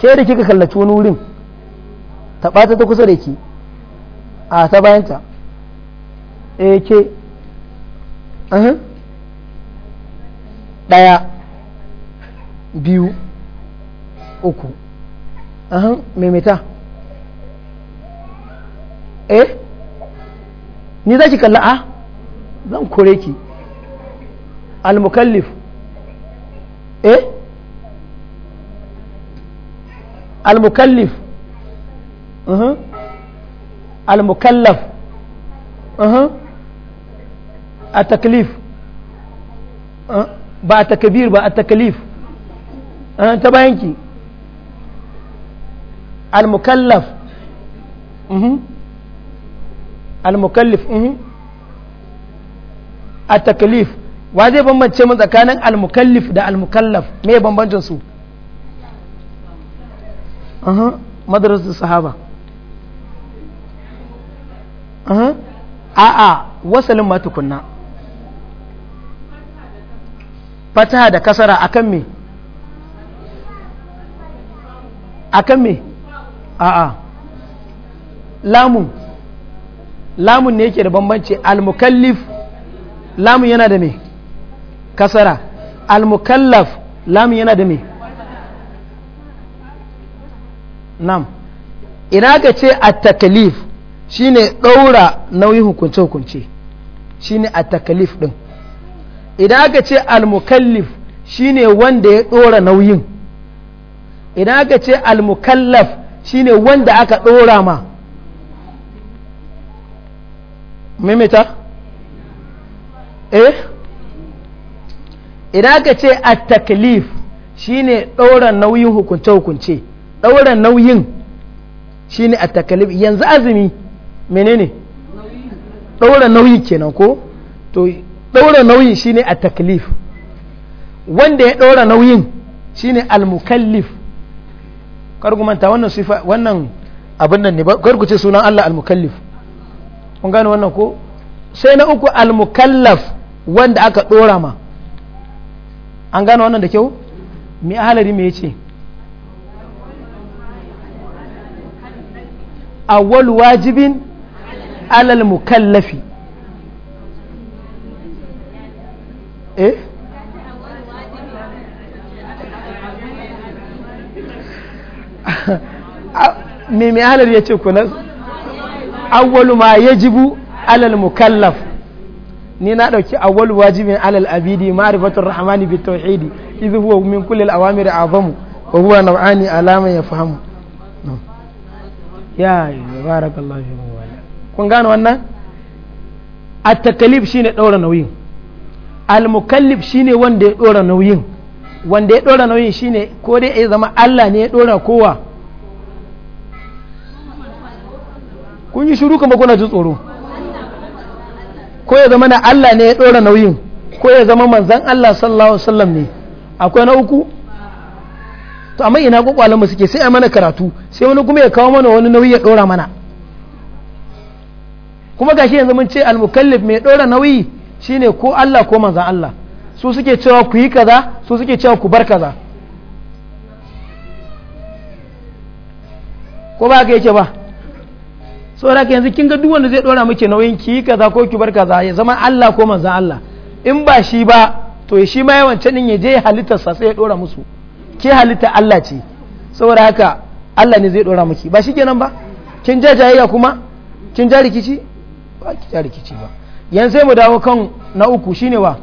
ke da kika kallaci wani wurin ta ɓata ta kusa da ke a ta bayanta eh ke ɗaya biyu uku ahan maimaita eh ni za ki kalla a zan kore ki al-mukallif eh al-mukallif uh al-mukallaf a taklif ah. ba a takabir ba a takalif ah, ta bayanki al-mukallaf mhm. al-mukallif mhm. a takalif wa zai bambance mu tsakanin al-mukallif da al-mukallaf me bambancin su madrasar sahaba a'a wasalin matukunna fataha da kasara akan me kan me a'a lamun lamun ne yake da bambanci almukallif lamun yana da me kasara almukallaf lamun yana da me nam ina ka ce at-taklif shine ɗaura nauyin hukunce-hukunce shine at-taklif ɗin idan aka ce al-mukallif shine wanda ya dora nauyin idan aka ce al-mukallaf shine wanda aka dora ma mimita eh idan aka ce at-taklif shine dora nauyin hukunce-hukunce dora nauyin shine at-taklif yanzu azumi menene dora nauyi kenan ko to ɗora nauyin shine a taklif wanda ya ɗora nauyin shine al-mukallif kargumanta wannan sifa wannan abin nan ne ba karkuce sunan Allah al-mukallif kun gane wannan ko sai na uku al-mukallaf wanda aka ɗora ma an gane wannan da kyau mai ahalari mai ce awwal wajibin alal mukallafi eh [laughs] ah, me halar ya ce nan awwalu ma yajibu alal mukallaf ni na dauki awwalu wajibin alal abidi ma'rifatur rahmani bi tauhidi idh huwa min kulli al awamir azamu wa huwa naw'ani alama yafhamu ya barakallahu fi kun gane wannan at takalif shine daura nauyin al-mukallif shine wanda ya dora nauyin wanda ya dora nauyin shine ko dai ya zama Allah ne ya dora kowa kun yi shiru kuma kuna jin tsoro ko ya zama na Allah ne ya dora nauyin ko ya zama manzan Allah sallallahu alaihi wasallam ne akwai na uku to amma ina kokwalan mu suke sai a mana karatu sai wani kuma ya kawo mana wani nauyi ya dora mana kuma gashi yanzu mun ce al-mukallif mai dora nauyi shine ko Allah ko manzan Allah su suke cewa ku yi kaza su suke cewa ku bar kaza ko ba ka yake ba saboda ka yanzu kin ga duk wanda zai dora muke nauyin ki yi kaza ko ki bar kaza ya zama Allah ko manzan Allah in ba shi ba to shi ma yawancin din ya je halittar sa sai ya dora musu ke halitta Allah ce saboda haka Allah ne zai dora miki ba shi kenan ba kin ja jayayya kuma kin ja rikici ba ki ja rikici ba Yanzu sai mu dawo kan na uku shine wa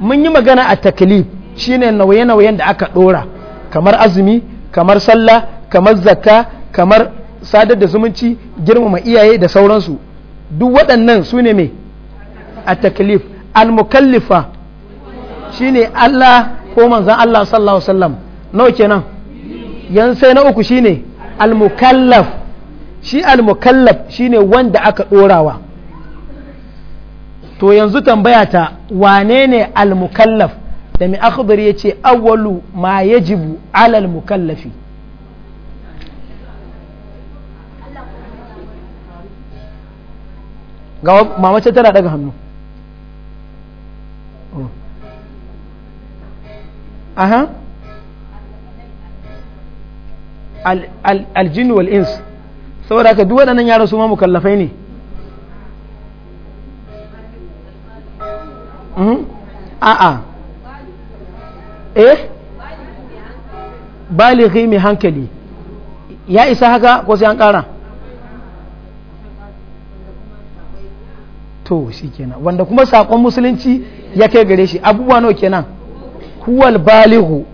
mun yi magana a taklif shine nauye-nauyen da aka dora kamar azumi kamar sallah kamar zakka kamar sadar da zumunci girmama iyaye da sauransu duk waɗannan su ne mai a taklif al-mukallifa shine Allah ko manzan Allah sallallahu alaihi wasallam nawa kenan yan sai na uku shine al-mukallaf shi al-mukallaf shine wanda aka dorawa to yanzu tambaya ta wane ne al-mukallaf da mai akhbar ya ce awwalu ma yajibu alal mukallafi ga mamace tana daga hannu aha aljin wal ins saboda haka duk waɗannan yaran su ma mukallafai ne mhm. a'a eh balighi mai hankali ya isa haka ko sai an ƙara to shi kenan wanda kuma saƙon musulunci ya kai gare shi abubuwa nawa kenan huwal balighu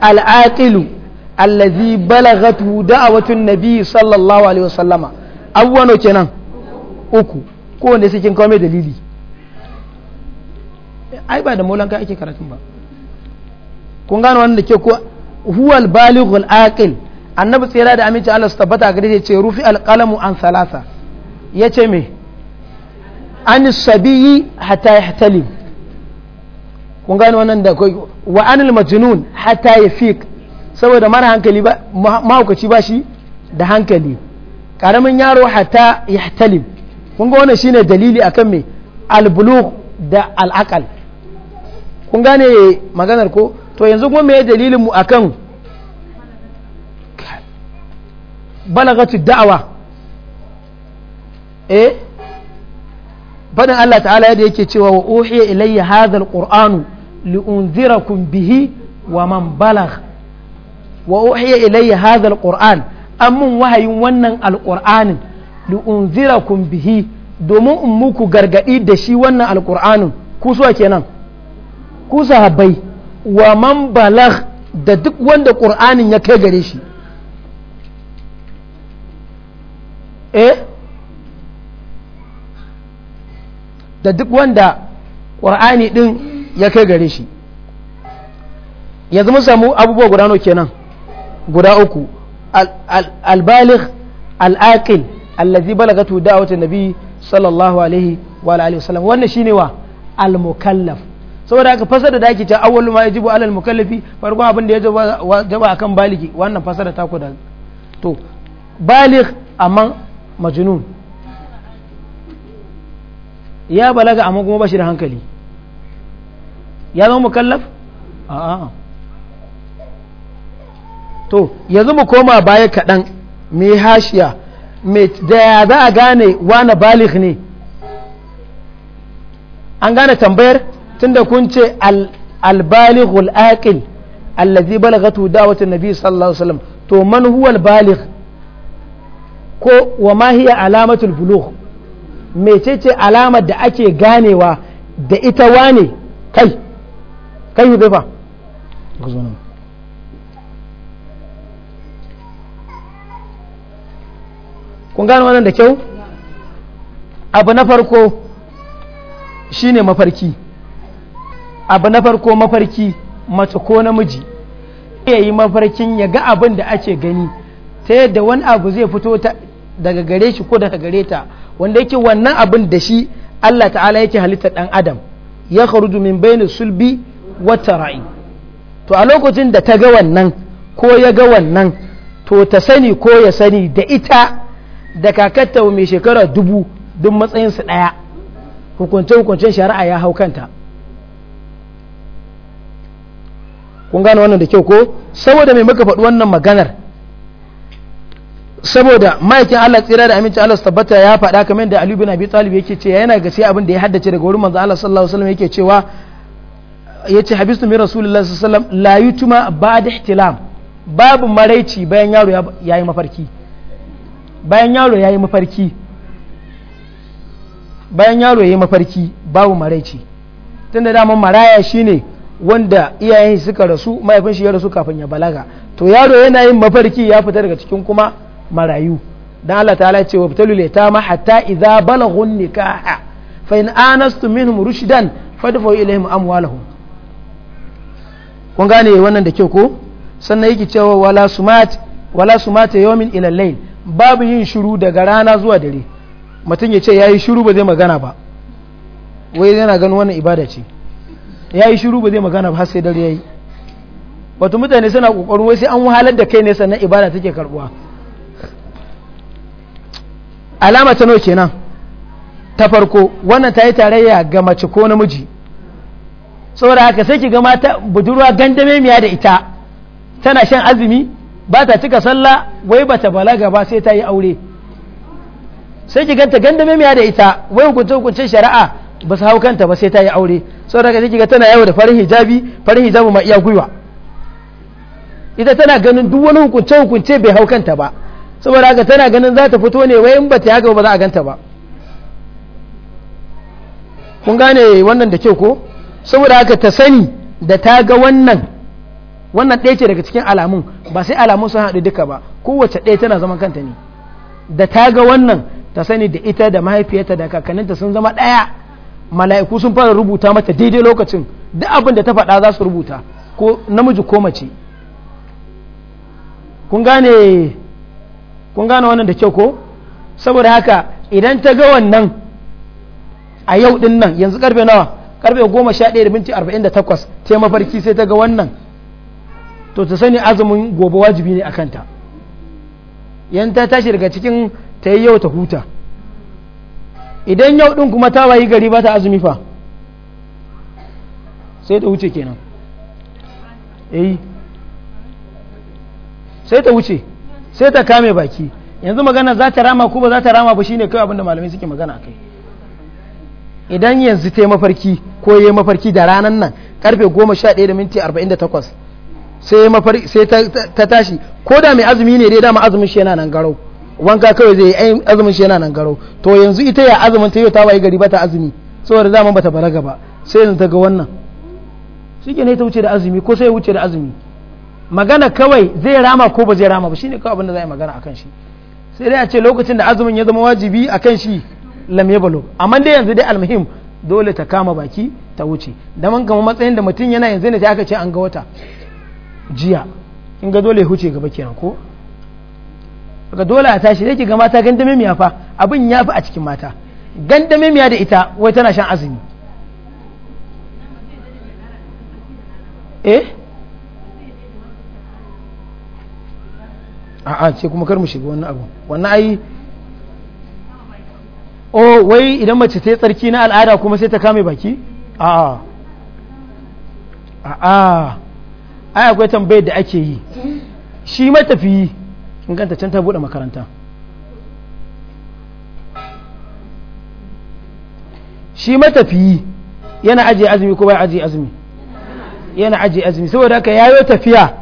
al'aqilu alazi balagatu da'awatun nabi sallallahu alaihi wasallama awwano kenan uku ko wanda sai kawo mai dalili ai ba da maulanka ake kun gano wannan da ke huwal balighul aqil annabi tsira da aminci Allah su tabbata gare ya ce rufi alqalamu an salasa yace me an sabiyi hatta yahtalim kun wannan da kai wa anil majnun hatta yafiq saboda mara hankali ba mahaukaci ba shi da hankali karamin yaro hatta yahtalib kun ga wannan shine dalili akan me albulugh da al'aqal kun gane maganar ko to yanzu kuma me dalilin mu akan balagatu da'awa eh fadin Allah ta'ala yadda yake cewa wa uhiya ilayya hadha alqur'anu liunzirakum bihi wa man balagh wa uhiya ilayya hadha alqur'an amun wahayin wannan alqur'anin liunzirakum bihi domin in muku gargadi da shi wannan alqur'anin ku so kenan ku sahabbai wa man balagh da duk wanda qur'anin ya kai gare shi eh da duk wanda ƙur'ani ɗin ya kai gare shi yanzu mun samu abubuwa guda nawa kenan guda uku albaligh al'aqil allazi balagatu da'watu nabi sallallahu alaihi wa alihi wasallam wannan shine wa al-mukallaf saboda haka fasara da ake ta awwalu ma yajibu alal mukallafi farko abin da ya jaba akan baligi wannan fasara ta ku da to baligh amma majnun ya balaga amma kuma ba da hankali ya zama mukallaf a'a to yanzu mu koma baya kaɗan mai hashiya da ya za a gane wane balik ne an gane tambayar tunda kun ce albalik aqil allazi balagatu wata nabi sallallahu alaihi wasallam to man huwa albalik ko wa mahiya alamatul bulugh mecece alamar da ake ganewa da ita wane kai kai yi fa kun gano wannan da kyau abu na farko shine mafarki abu na farko mafarki mace ko namiji ya yi mafarkin ya ga abin da ake gani ta yadda wani abu zai fito daga gare shi ko daga gare ta wanda yake wannan abin da shi Allah ta'ala yake halitta dan adam ya kharuju min bayni sulbi wa tara'i to a lokacin da ta ga wannan ko ya ga wannan to ta sani ko ya sani da ita da kakatta mai shekara dubu duk matsayinsu ɗaya hukunce-hukuncen shari'a ya hau kanta kun gane wannan da kyau ko saboda mai muka faɗi wannan maganar saboda ma'aikin Allah tsira da aminci Allah tabbata ya faɗa kamar da Ali bin Abi Talib yake cewa yana ga sai abin da ya haddace daga wurin manzo Allah sallallahu alaihi wasallam yake cewa yace habistu min rasulullahi sallallahu alaihi wasallam la yutuma ba'da ihtilam babu maraici bayan yaro yayi mafarki bayan yaro yayi mafarki bayan yaro yayi mafarki babu maraici tunda daman maraya shine wanda iyayen suka rasu mahaifin shi ya rasu kafin ya balaga to yaro yana yin mafarki ya fita daga cikin kuma marayu dan Allah ta'ala ce wa bitalul yatama hatta idza balaghun nikaha fa in anastu minhum rushdan fadfu ilaihim amwalahum kun gane wannan da kyau ko sannan yake cewa wala sumat wala sumat yawmin ila layl babu yin shiru daga rana zuwa dare mutum ya ce yayi shiru ba zai magana ba wai yana ganin wannan ibada ce yayi shiru ba zai magana ba har sai dare yayi wato mutane suna kokarin wai sai an wahalar da kai ne sannan ibada take karbuwa alama ta nawa nan ta farko wannan ta yi tarayya ga mace ko namiji saboda haka sai ki ga mata budurwa gandame miya da ita tana shan azumi ba ta cika sallah wai bata balaga ba sai ta yi aure sai ki ganta gandame miya da ita wai hukunce hukunce shari'a ba su hau kanta ba sai ta yi aure saboda haka sai ki ga tana yawo da farin hijabi farin hijabi ma iya gwiwa ita tana ganin duk wani hukunce hukunce bai hau kanta ba saboda haka tana ganin za ta fito ne wai in ba ta haka ba za a ganta ba kun gane wannan da kyau ko saboda haka ta sani da ta ga wannan wannan ɗaya ce daga cikin alamun ba sai alamun sun haɗu duka ba kowace ɗaya tana zaman kanta ne da ta ga wannan ta sani da ita da mahaifiyarta da kakanninta sun zama ɗaya mala'iku sun fara rubuta mata daidai lokacin duk abin da ta faɗa za su rubuta ko namiji ko mace kun gane kun gane wannan da kyau ko saboda haka idan ta ga wannan a yau din nan yanzu karfe nawa karfe goma sha ɗaya arba'in da takwas ta mafarki sai ta ga wannan to ta sani azumin gobe wajibi ne a kanta yan ta tashi daga cikin ta yi yau ta huta idan yau din kuma ta wayi gari ba ta azumi fa sai ta wuce kenan eh sai ta wuce sai ta kame baki yanzu magana za ta rama ko ba za ta rama ba shine kai abinda malamai suke magana kai idan yanzu ta yi mafarki ko ya yi mafarki da ranar nan karfe 11:48 sai ta tashi ko da mai azumi ne dai dama azumin shi yana nan garau wanka kawai zai yi azumin shi yana nan garau to yanzu ita ya azumin ta yi ta wayi gari bata azumi saboda zaman bata balaga ba sai yanzu ta ga wannan shi ne ta wuce da azumi ko sai ya wuce da azumi magana kawai zai rama ko ba zai rama ba shine kawai abin da za a yi magana akan shi sai dai a ce lokacin da azumin ya zama wajibi akan shi lam ya balo amma dai yanzu dai almuhim dole ta kama baki ta wuce da kama matsayin da mutum yana yanzu ne sai aka ce an ga wata jiya in ga dole ya huce gaba kenan ko ga dole a tashi dai ki ga mata gandame miya fa abin ya fi a cikin mata gandame miya da ita wai tana shan azumi eh a'a ce kuma kar mu shiga wannan abu wannan ai o oh, wai idan mace ta yi tsarki na al'ada kuma sai ta kame baki a'a a'a ai akwai tambayar da ake yi shi matafiyi in ganta can ta bude makaranta shi matafiyi yana ajiye azumi ko bai ajiye azumi yana ajiye azumi saboda haka yayo tafiya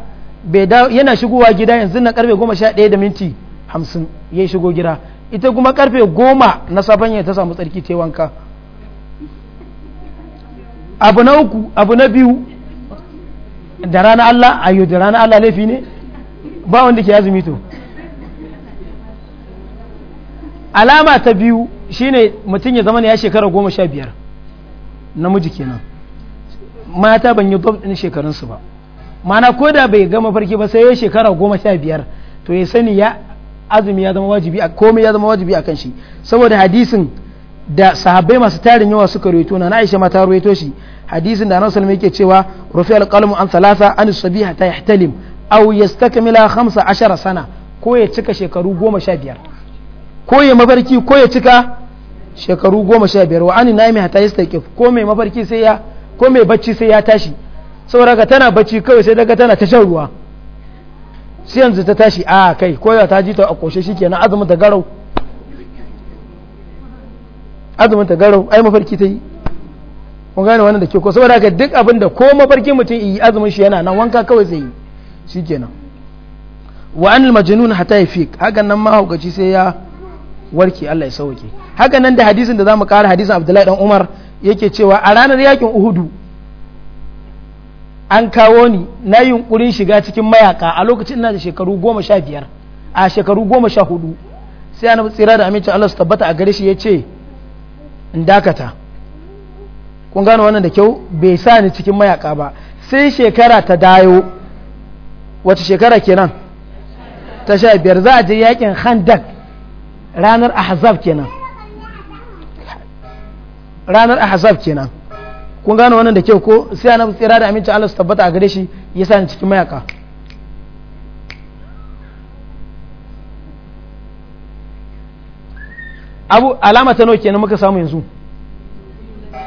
yana shigowa gida yanzu na karfe goma sha ɗaya da minti hamsin ya shigo gida ita kuma karfe goma na safen ta samu tsarki ta wanka abu na uku abu na biyu da rana Allah ayo da rana Allah laifi ne ba wanda ke azumi to alama ta biyu shine mutum ya zama ya shekara goma sha biyar namiji kenan mata ban yi gwamnatin shekarunsu ba mana ko da bai gama farki ba sai ya shekara goma sha biyar to ya sani ya azumi ya zama wajibi a komai ya zama wajibi a kan shi saboda hadisin da sahabbai masu tarin yawa suka rawaito na Aisha ma ta rawaito shi hadisin da Annabi sallallahu yake cewa rufi alqalmu an thalatha an sabiha hatta yahtalim aw yastakmila 15 sana ko ya cika shekaru goma sha biyar ko ya mafarki ko ya cika shekaru biyar wa an naimi hatta yastaqif ko mai mafarki sai ya ko mai bacci sai ya tashi saboda tana bacci kawai sai daga tana ta shan ruwa sai yanzu ta tashi a ah, kai koya ta ji ta a koshe shi kenan azumin ta garau azumin ta garau ai mafarki ta yi kun gane wannan da ke ko saboda duk abin da ko mafarki mutum yi azumin shi yana nan wanka kawai zai yi shi kenan wa anil majnun hatta yafiq hakan nan mahaukaci sai ya warke Allah ya sauke hakan nan da hadisin da zamu kara hadisin Abdullahi dan Umar yake cewa a ranar yakin Uhudu an kawo ni na yunkurin shiga cikin mayaka a lokacin ina da shekaru goma sha biyar a shekaru goma sha hudu sai ana tsira da amincin Allah su tabbata a gare shi ya ce in dakata kun gano wannan da kyau bai sa ni cikin mayaka ba sai shekara ta dayo wata shekara kenan ta sha biyar za a je yakin handak ranar ahzab kenan ranar ahzab kenan kun gane wannan da kyau ko sai annabi tsira da aminci Allah su tabbata a gare shi ya sa ni cikin mayaka abu alama ta nawa kenan muka samu yanzu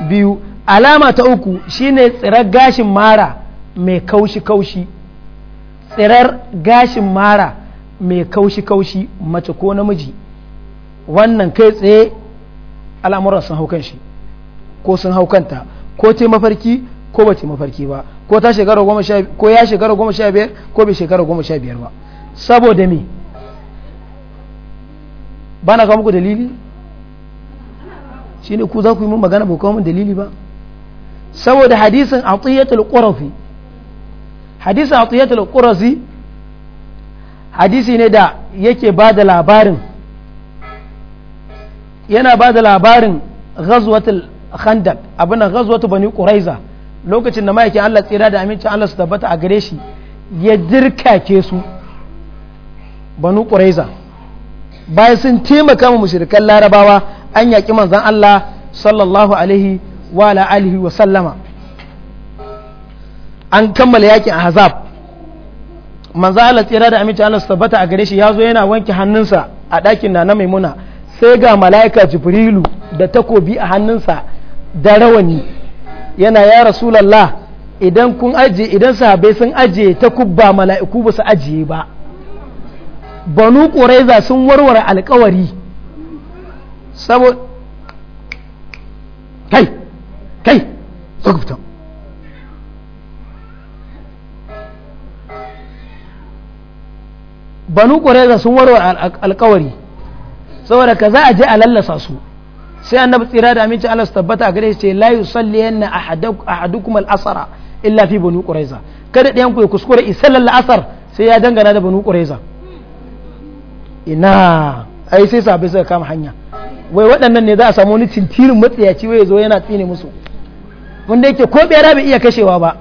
biyu alama ta uku shine tsirar gashin mara mai kaushi-kaushi tsirar gashin mara mai kaushi-kaushi mace ko namiji wannan kai tsaye al'amuran sun hau shi ko sun haukanta ko ce mafarki ko ba ce mafarki ba ko ta shekara goma sha ko ya shekara goma sha biyar ko bai shekara goma sha biyar ba saboda me ba na kawo muku dalili shine ku za ku yi mun magana ba kawo mun dalili ba saboda hadisin atiyatul qurafi hadisin atiyatul qurafi hadisi ne da yake ba da labarin yana ba da labarin ghazwatul khandak abin da ghazwatu bani quraiza lokacin da ma'aikin Allah tsira da amincin Allah su tabbata a gare shi ya dirkake su Bani quraiza bayan sun taimaka mu mushrikan larabawa an yaƙi manzan Allah sallallahu alaihi wa alihi wa sallama an kammala yakin ahzab manzan Allah tsira da amincin Allah su tabbata a gare shi ya zo yana wanke hannunsa a ɗakin na na maimuna sai ga mala'ika jibrilu da takobi a hannunsa da rawani yana ya rasulallah idan kun aje idan sahabai sun aje ta kubba mala'iku ba su ajiye ba banu ƙuraiza sun warware alkawari saboda kai kai tsakubtan banu sun warware alkawari saboda ka za a je a lallasa su sai annabi tsira da aminci Allah su tabbata gare shi ce la yusalli yanna ahadukum al-asara illa fi banu quraiza kada ɗayan ku ya kuskure isallal asar sai ya dangana da banu quraiza ina ai sai sabai suka kama hanya wai waɗannan ne za a samu wani tintirin matsayaci wai zo yana tsine musu wanda yake ko bai rabi iya kashewa ba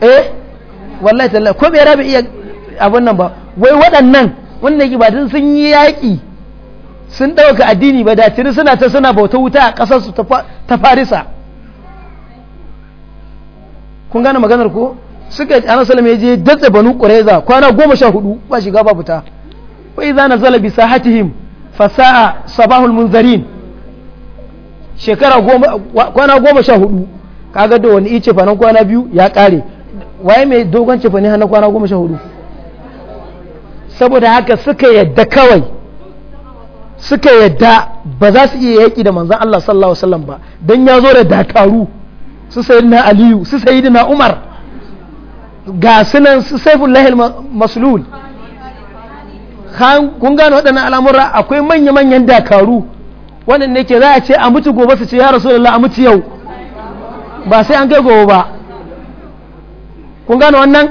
eh wallahi tallahi ko bai rabi iya abun nan ba wai waɗannan wanda yake ba sun yi yaƙi sun ɗauka addini ba da tuni suna ta suna bauta wuta a ƙasarsu ta farisa kun gane maganar ko suka yi ana salama ya je datse banu ƙureza kwana goma sha hudu ba shiga ba fita wai za na zalabi sahatihim fasa'a sabahul munzarin shekara kwana goma sha hudu kaga da wani ice fa kwana biyu ya ƙare waye mai dogon cefane na kwana goma sha hudu saboda haka suka yadda kawai suka yadda ba za su iya yaƙi da manzan Allah sallallahu alaihi wasallam ba don ya zo da dakaru su sayi na aliyu su sayi na umar ga sunan su saifin lahil maslul kun gano waɗannan al'amura akwai manya-manyan dakaru waɗanda ke za a ce a mutu gobe su ce ya rasu a mutu yau ba sai an kai gobe ba kun gano wannan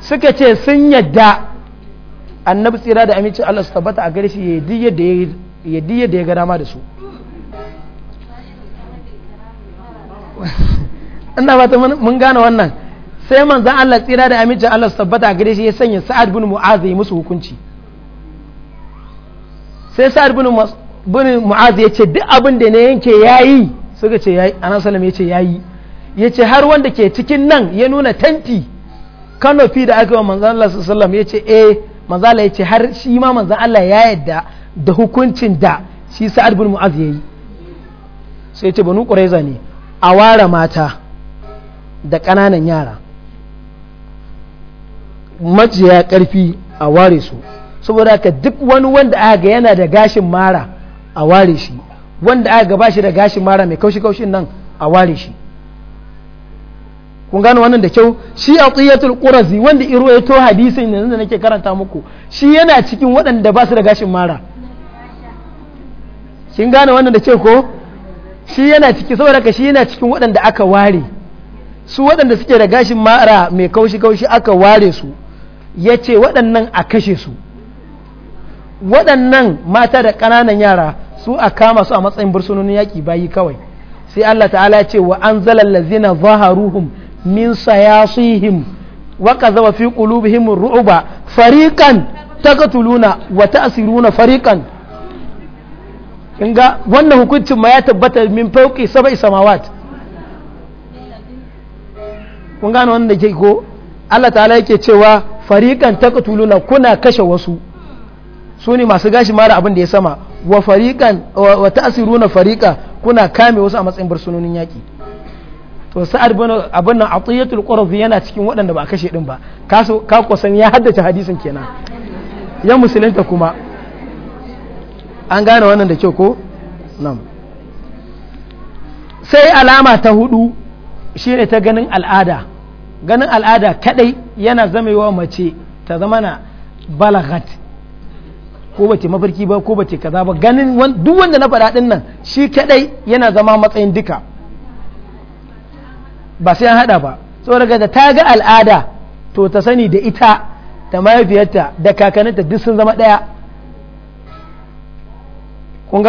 suka ce sun yadda annabi tsira da amincin Allah su tabbata a gare shi ya yi da ya ga dama da su [laughs] ina fata mun gane wannan sai zan Allah tsira da amincin Allah su tabbata a gare shi ya sanya sa'ad bin mu'az ya musu hukunci sai sa'ad bin mu'az ya ce duk abin da na yanke yi suka ce yi anan salam ya ce ya yi ya ce har wanda ke cikin nan ya nuna tanti kanofi da aka yi wa manzan Allah sallallahu alaihi wasallam ya ce eh manzo Allah yace har shi ma manzo Allah ya yadda da hukuncin da shi Sa'ad bin Mu'az yayi sai yace banu Qurayza ne a ware mata da ƙananan yara majiya ƙarfi a ware su saboda ka duk wani wanda aka ga yana da gashin mara a ware shi wanda aka ga bashi da gashin mara mai kaushi kaushin nan a ware shi kun gano wannan da kyau shi a tsiyatul ƙurazi wanda iro ya to hadisin yanzu da nake karanta muku shi yana cikin waɗanda ba su da gashin mara kin gane wannan da kyau ko shi yana ciki saboda ka shi yana cikin waɗanda aka ware su waɗanda suke da gashin mara mai kaushi kaushi aka ware su ya ce waɗannan a kashe su waɗannan mata da ƙananan yara su a kama su a matsayin bursunonin yaƙi bayi kawai sai Allah ta'ala ce wa an zalallazina zaharuhum min sayasihim wa kazawa fi qulubihim ru'ba fariqan taqtuluna wa ta'siruna fariqan kinga wannan hukuncin ma ya tabbata min fauki sab'i samawat kun gane wannan da ke ko Allah ta'ala yake cewa fariqan taqtuluna kuna kashe wasu su ne masu gashi mara abin da ya sama wa fariqan wa ta'siruna fariqa kuna kame wasu a matsayin barsunonin yaki to sa'ad bin abin nan atiyatul qurzi yana cikin waɗanda ba kashe din ba ka ka kusan ya haddace hadisin kenan ya musulunta kuma an gane wannan da kyau ko nan sai alama ta hudu shine ta ganin al'ada ganin al'ada kadai yana zamewa mace ta zamana balaghat ko bace mafarki ba ko bace kaza ba ganin duk wanda na faɗa din nan shi kadai yana zama matsayin duka ba sai an hada ba saboda da ta ga al'ada to ta sani da ita da mahaifiyarta da kakaninta duk sun zama ɗaya kun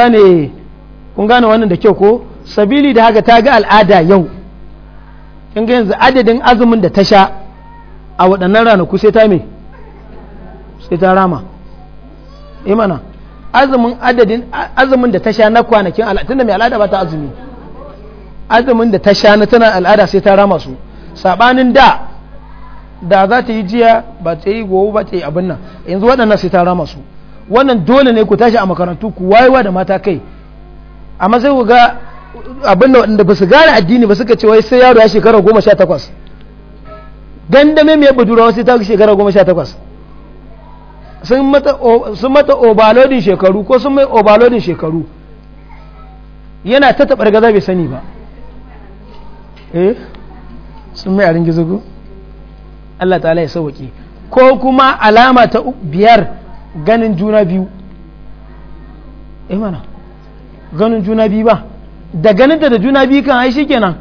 gane wannan da kyau ko sabili da haka ta ga al'ada yau in ga yanzu adadin azumin da ta sha a waɗannan ranaku sai ta me sai ta rama imana eh azumin adadin azumin da ta sha na kwanakin al'ada tunda mai al'ada ba ta azumi azumin da ta sha na tana al'ada sai ta rama su sabanin da da za ta yi jiya ba ta yi gobe ba ta yi abin nan yanzu waɗannan sai ta rama su wannan dole ne ku tashi a makarantu ku wayewa da mata kai amma sai ku ga abin da waɗanda ba su gane addini ba suka ce wai sai yaro ya shekara goma sha takwas gandame mai budurawa sai ta shekara goma sha takwas sun mata obalodin shekaru ko sun mai obalodin shekaru yana ta taɓar gaza bai sani ba eh sun mai arin gizo Allah ta'ala ya sauwaƙe ko kuma alama ta biyar ganin juna biyu eh mana ganin juna biyu ba da ganin da juna biyu kan aishi kenan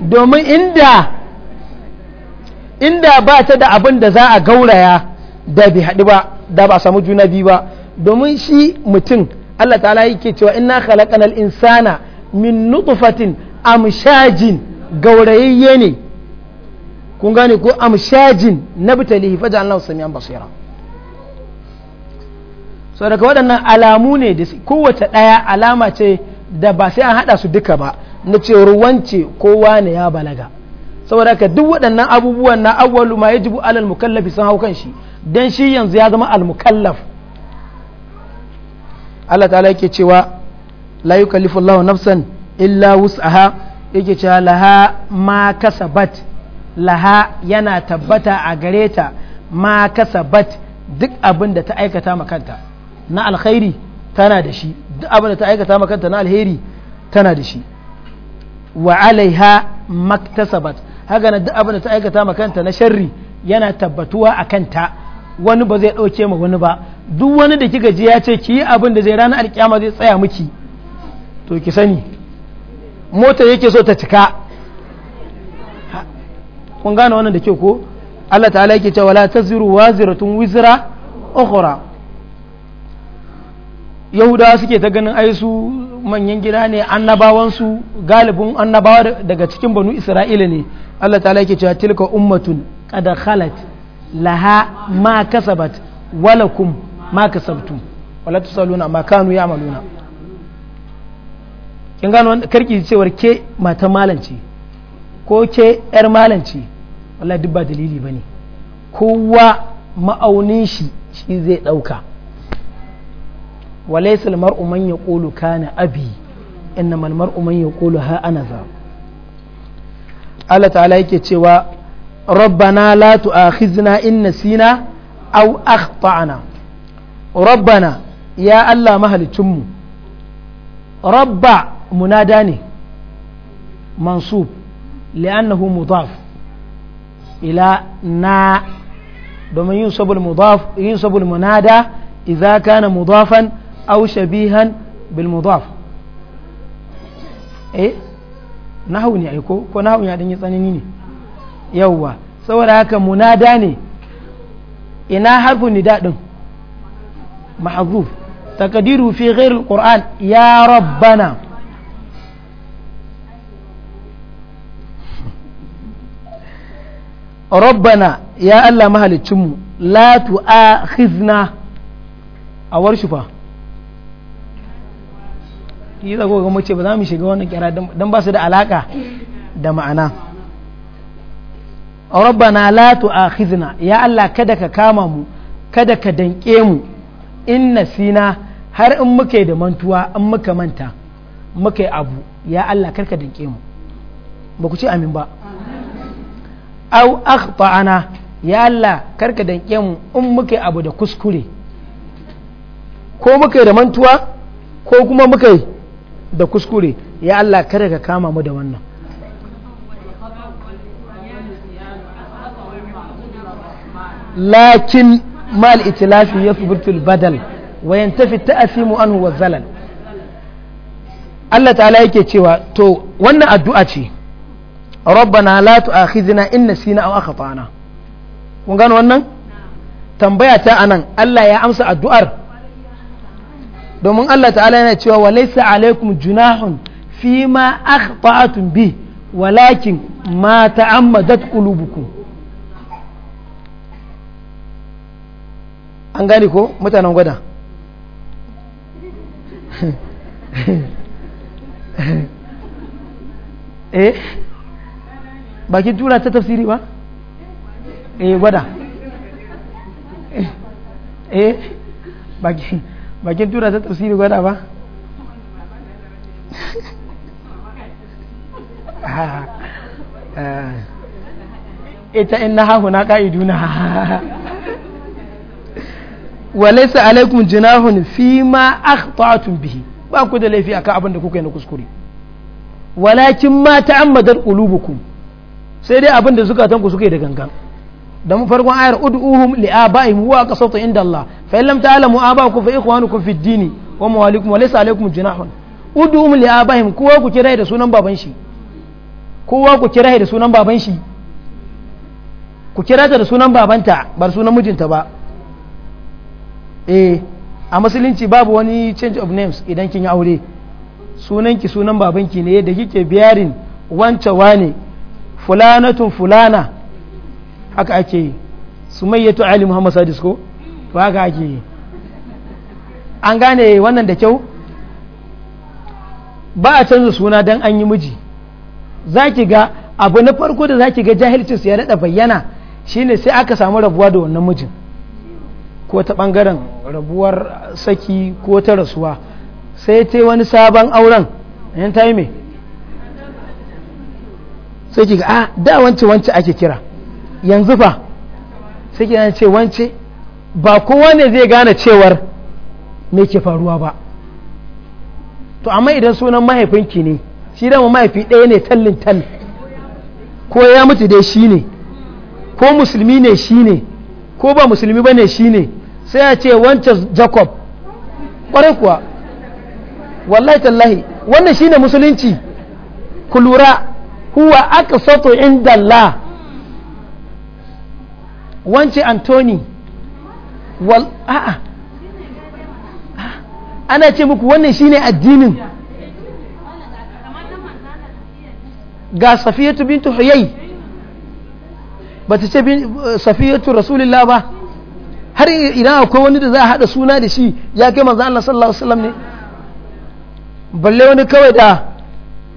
domin inda inda ba ta da abin da za a gauraya da bai haɗu ba da ba samu juna biyu ba domin shi mutum Allah ta'ala yake cewa ina khalaqanal insana min nutfatin amshajin gaurayayye ne kun gane ko amshajin na bitalihi faja Allah samiyan basira so daga waɗannan alamu ne da kowace ɗaya alama ce da ba sai an haɗa su duka ba na cewar wance kowa ne ya balaga saboda ka duk waɗannan abubuwan na awwalu ma yajibu alal mukallafi sun hau kan shi dan shi yanzu ya zama al mukallaf Allah ta'ala yake cewa la yukallifu Allahu nafsan illa wus'aha yake cewa laha ma kasabat laha yana tabbata a gare ta ma kasabat duk abin da ta aikata makanta na alkhairi tana da shi duk abin da ta aikata makanta na alheri tana da shi wa alaiha maktasabat haka na duk abin da ta aikata makanta na sharri yana tabbatuwa a kanta wani ba zai ɗauke ma wani ba duk wani da kika ji ya ce ki yi abin da zai ranar alkiyama zai tsaya miki to ki sani mota yake so ta cika kun gane wannan da ke ko Allah ta'ala yake cewa la taziru ziratun wizra ukhra yahudawa suke ta ganin ai su manyan gida ne annabawansu galibin annabawa daga cikin banu isra'ila ne Allah ta'ala yake cewa tilka ummatun qad khalat laha ma kasabat walakum ma kasabtum wala tusaluna ma kanu ya'maluna kin gano karki cewar ke mata malanci ko ke yar malanci wallahi duk ba dalili bane kowa ma'aunin shi shi zai dauka walaysa almar'u man yaqulu kana abi innamal mar'u man yaqulu ha ana za Allah ta'ala yake cewa ربنا لا تؤاخذنا إن نسينا أو أخطأنا ربنا يا الله مهل تمو مناداني منصوب لأنه مضاف إلى نا دوما ينصب المضاف ينصب المنادى إذا كان مضافا أو شبيها بالمضاف إيه نحو نعيكو يعني كو نحو نعيكو نعيكو يوا سوى لك مناداني إنا حرف نداء محظوف تقدير في غير القرآن يا ربنا rabbana ya Allah mahalicinmu la tu'akhizna a warshi fa yi zago ga mace ba za mu shiga wannan kira don ba da alaka da ma'ana rabbana la tu'akhizna ya Allah kada ka kama mu kada ka danke mu in nasina har in muke da mantuwa in muka manta muka abu ya Allah karka danke mu ba ku ce amin ba au akhta'ana ya Allah karka danke mu in muka abu da kuskure ko muka da mantuwa ko kuma muka da kuskure ya Allah kada ka kama mu da wannan lakin mal itilafi ya fi birtul badal wayan tafi ta'asimu anhu wa zalal Allah ta'ala yake cewa to wannan addu'a ce rabbana la tu'akhidhna in nasina aw akhtana kun gano wannan tambaya ta anan Allah ya amsa addu'ar domin Allah ta'ala yana cewa wa laysa alaikum junahun ma akhta'tum bi walakin ma ta'ammadat qulubukum an gani ko mutanen gwada [laughs] eh bakin tura ta tafsiri ba eh gwada eh, eh bakin tura ta tafsiri gwada ba [laughs] ah, eh, ita in na hahu na ƙa'iduna [laughs] walaisa alaikum jinahun fi ma akhta'tum bihi ba ku da laifi akan abin da kuka yi na kuskure walakin ma ta'ammadar qulubukum sai dai abin da zukatanku suke da gangan da mu farkon ayar ud'uhum li abaihim huwa qasatu inda Allah fa illam ta'lamu abaakum fa ikhwanukum fid din wa mawalikum wa laysa alaykum junahun ud'uhum li kowa ku kira da sunan baban shi kowa ku kira da sunan baban shi ku kira ta da sunan babanta ba sunan mijinta ba eh a musulunci babu wani change of names idan kin yi aure sunanki sunan babanki ne da kike biyarin wancan wane fulanatun fulana haka ake yi sumayyatu ali muhammad sadis ko to haka ake yi an gane wannan da kyau ba a canza suna don an yi miji za ki ga abu na farko da za ki ga jahilcin su ya daɗa bayyana shine sai aka samu rabuwa da wannan mijin ko ta ɓangaren rabuwar saki ko ta rasuwa sai ta wani sabon auren yan ta sai ki ga a ah, da wance wance ake kira yanzu fa sai ki ce wance ba kowa ne zai gane cewar me ke faruwa ba to amma idan sunan mahaifinki ne shi dama mahaifi ɗaya ne tallin tal ko ya mutu dai shi ne ko musulmi ne shi ne ko ba musulmi ba ne shi ne sai ya ce wancan jacob ƙwarai kuwa wallahi tallahi wannan shi ne musulunci ku lura huwa aqsatu inda Allah wance Anthony wal a'a ana ce muku wannan shine addinin ga safiyatu bintu huyay ba ta ce safiyatu rasulillah ba har ina akwai wani da za a hada suna da shi ya kai manzo Allah sallallahu alaihi wasallam ne balle wani kawai da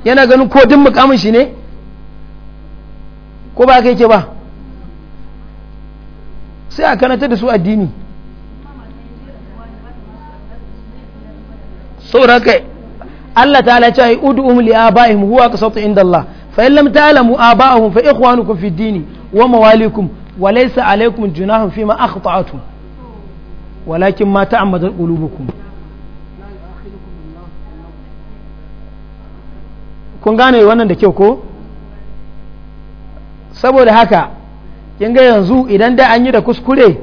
yana ganin ko din mukamin shi ne ko ba ka yake ba sai a kanata da su addini Allah ta'ala ce ud'um li abaihim huwa qasatu inda Allah fa in lam ta'lamu abaahum fa ikhwanukum fi dini wa mawalikum wa laysa alaykum junahun fima walakin ma ta'ammadat qulubukum kun gane wannan da kyau ko saboda haka kin ga yanzu idan da an yi da kuskure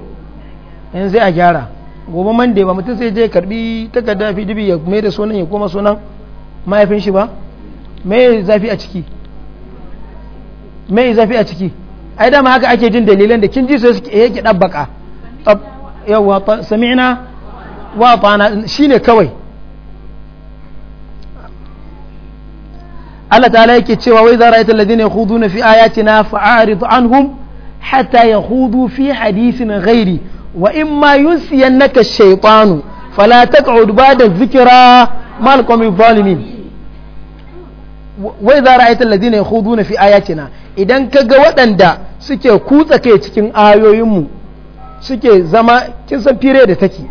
yanzu sai a gyara gobe mande ba mutum sai je karbi takarda fi dubi ya mai da sunan ya koma sunan mahaifin shi ba mai zafi a ciki mai zafi a ciki ai dama haka ake jin dalilan da kin ji sai suke yake dabbaka yawa sami'ina wa shi shine kawai Allah ta'ala yake cewa wai za ra'ayta alladhina yakhuduna fi ayatina fa'arid anhum hatta yakhudu fi hadithin ghairi wa imma yunsiyannaka ash-shaytanu fala taq'ud ba'da dhikra mal qawmi zalimin wai za ra'ayta alladhina yakhuduna fi ayatina idan kaga waɗanda suke kutsa kai cikin ayoyinmu suke zama kin san fire da take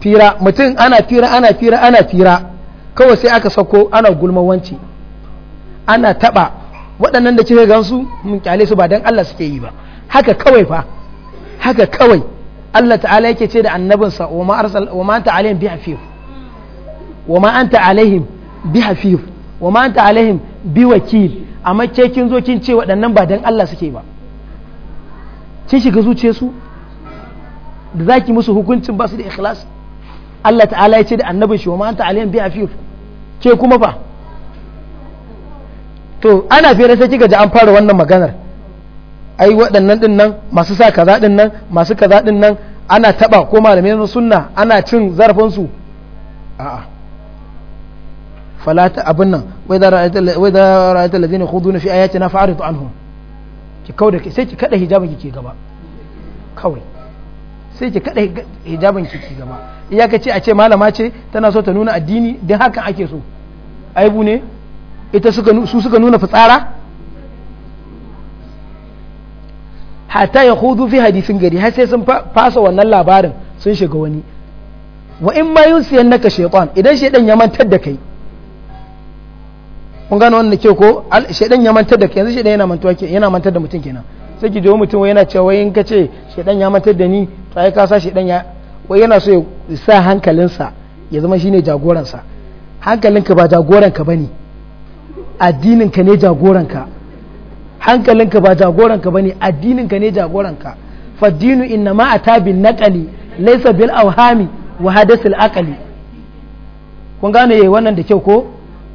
fira mutum ana fira ana fira ana fira kawai sai aka sako ana gulman wanci ana taba waɗannan da kika gansu mun kyale su ba dan Allah suke yi ba haka kawai fa haka kawai Allah ta'ala yake ce da annabinsa wa ma arsal wa ma anta alaihim bi hafiz wa ma anta alaihim bi hafiz wa ma anta alaihim bi wakil amma ke kin zo kin ce waɗannan ba dan Allah suke ba kin shiga zuciyarsu da zaki musu hukuncin ba su da ikhlas Allah ta'ala ya ce da annabin shi wa ma anta alayhim bi hafiz ke kuma fa to ana fere sai kika ji an fara wannan maganar ai waɗannan din nan masu sa kaza din nan masu kaza din nan ana taba ko malamai na sunna ana cin zarafin su a'a falata abin nan wai da ra'ayta alladhina yakhuduna fi ayatina fa'rid anhum ki kauda sai ki kada hijabin ki ke gaba kawai sai ke kada hijabin ki gaba iyaka ce a ce malama ce tana so ta nuna addini don hakan ake so aibu ne ita su suka nuna fitsara hata ya hudu fi hadisin gari har sai sun fasa wannan labarin sun shiga wani wa in ma yun siyan naka shaitan idan shaitan ya mantar da kai kun gano wannan ke ko shaitan ya mantar da kai yanzu shaitan yana mantuwa yana mantar da mutum kenan sai ki jawo mutum yana cewa in kace ce ya matar da ni to ai ka sa ya wai yana so ya sa hankalinsa ya zama shine jagoransa hankalinka ba jagoranka bane addininka ne jagoranka hankalinka ba jagoranka bane addininka ne jagoranka faddinu inna ma a tabin naqali laysa bil awhami wa hadathil aqli kun gane yayi eh, wannan da kyau ko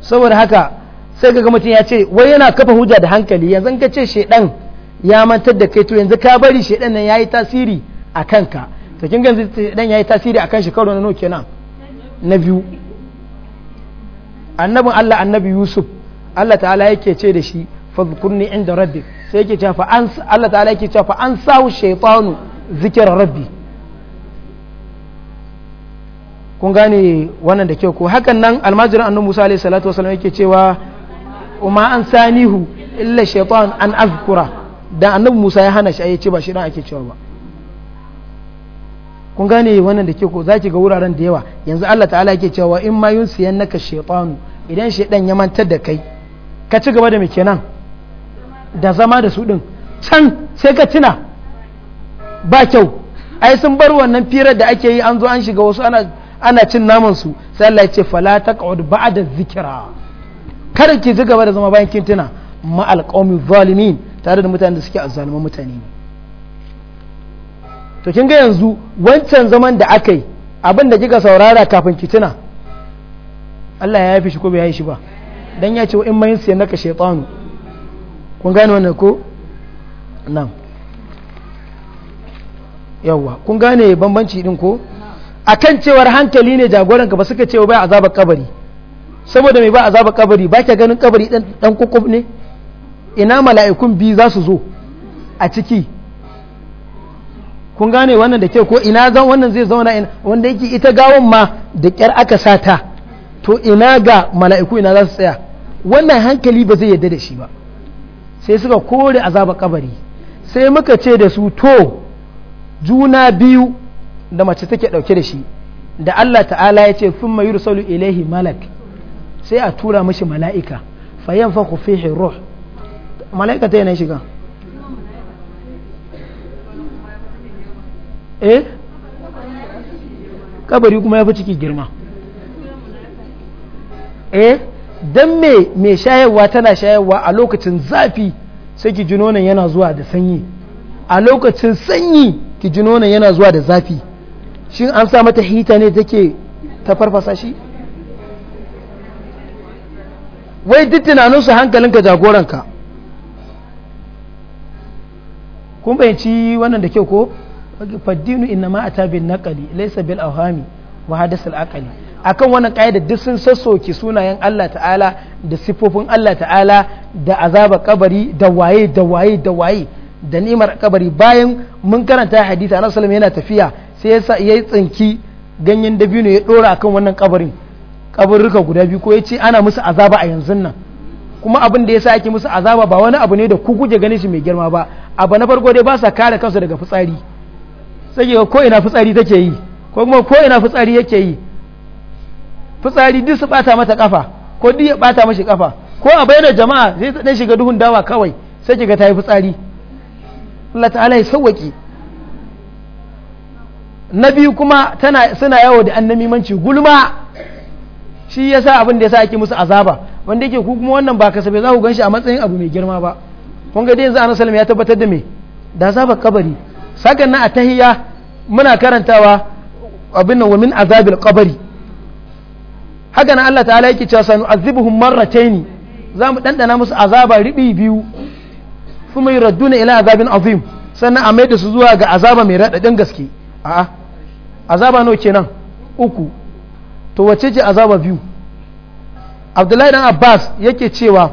saboda haka sai kaga mutum ya ce wai yana kafa hujja da hankali yanzu ka ce shaidan ya mantar da kai to yanzu ka bari shedan nan yayi tasiri a kanka to kin ga shaidan yayi tasiri akan shi karo na no kenan na biyu annabin Allah annabi Yusuf Allah ta'ala yake ce da shi fadhkurni inda rabbi sai yake cewa an Allah ta'ala yake cewa an sahu shaytanu zikra rabbi kun gane wannan da kyau ko hakan nan almajirin annabi Musa alaihi salatu wasallam yake cewa umma an sanihu illa shaytan an azkura da annabi Musa ya hana shi ai ce ba shi dan ake cewa ba kun gane wannan da ke ko zaki ga wuraren da yawa yanzu Allah ta'ala yake cewa in ma naka shaytanu idan shaydan ya mantar da kai ka ci gaba da me kenan da zama da su din can sai ka tuna ba kyau ai sun bar wannan firar da ake yi an zo an shiga wasu ana ana cin naman su sai Allah ya ce fala taqud ba'da zikra kada ki ci gaba da zama bayan kin tuna ma alqawmi zalimin tare da mutane da suke azzaluman mutane ne to kin ga yanzu wancan zaman da aka yi abin da kika saurara kafin ki tuna Allah ya yafi shi ko bai yi shi ba dan ya ce in mai sai naka shaytanu kun gane wannan ko nan yawa kun gane bambanci din ko akan cewar hankali ne ka ba suka ce bai azabar kabari saboda mai ba azabar kabari ba ka ganin kabari dan kokop ne ina mala'ikun biyu za su zo a ciki kun gane wannan da ke ko ina zan wannan zai zauna ina wanda yake ita gawon ma da kyar aka sata to ina ga mala'iku ina za su tsaya wannan hankali ba zai yadda da shi ba sai suka kore azaba kabari sai muka ce da su to juna biyu da mace take ɗauke da shi da Allah ta'ala ya ce fin mayur salu ilaihi malak sai a tura mashi mala'ika fayan fa ruh mala'ika ta yana shiga eh kabari kuma ya fi ciki girma eh don me mai shayarwa tana shayarwa a lokacin zafi sai ki ji nonon yana zuwa da sanyi a lokacin sanyi ki ji nonon yana zuwa da zafi shin an sa mata hita ne take ta farfasa shi wai duk tunaninsu hankalinka jagoranka kun bayanci wannan da kyau ko faddinu inna ma ata tabin naƙali, laysa bil awhami wa hadas al akan wannan kaida duk sun sassoke sunayen Allah ta'ala da siffofin Allah ta'ala da azaba kabari da waye da waye da waye da ni'imar kabari bayan mun karanta hadisi Annabi sallallahu yana tafiya sai yasa yayi tsinki ganyen dabino ya dora akan wannan kabarin ƙabarruka guda biyu ko yace ana musu azaba a yanzun nan kuma abin da ya sa ake musu azaba ba wani abu ne da ku guje ganin shi mai girma ba abu na farko dai ba sa kare kansu daga fitsari sai ga ko ina fitsari take yi ko kuma ko ina fitsari yake yi fitsari duk su bata mata kafa ko duk ya bata mashi kafa ko a bayyana jama'a zai ta dan shiga duhun dawa kawai sai kiga ta yi fitsari Allah ta'ala ya sauwaki na biyu kuma tana suna yawo da manci gulma shi yasa abin da yasa ake musu azaba wanda yake ku kuma wannan ba kasabe za ku ganshi a matsayin abu mai girma ba kun ga dai zan annabi ya tabbatar da me da zaba kabari sakan na a tahiya muna karantawa abin nan wa min azabil qabri haka nan Allah ta'ala yake cewa sanu azibuhum marratayn za mu dandana musu azaba ribi biyu kuma yuradduna ila azabin azim sannan a maida su zuwa ga azaba mai radadin gaske a'a azaba nawa kenan uku to wace ce azaba biyu abdullahi dan abbas yake cewa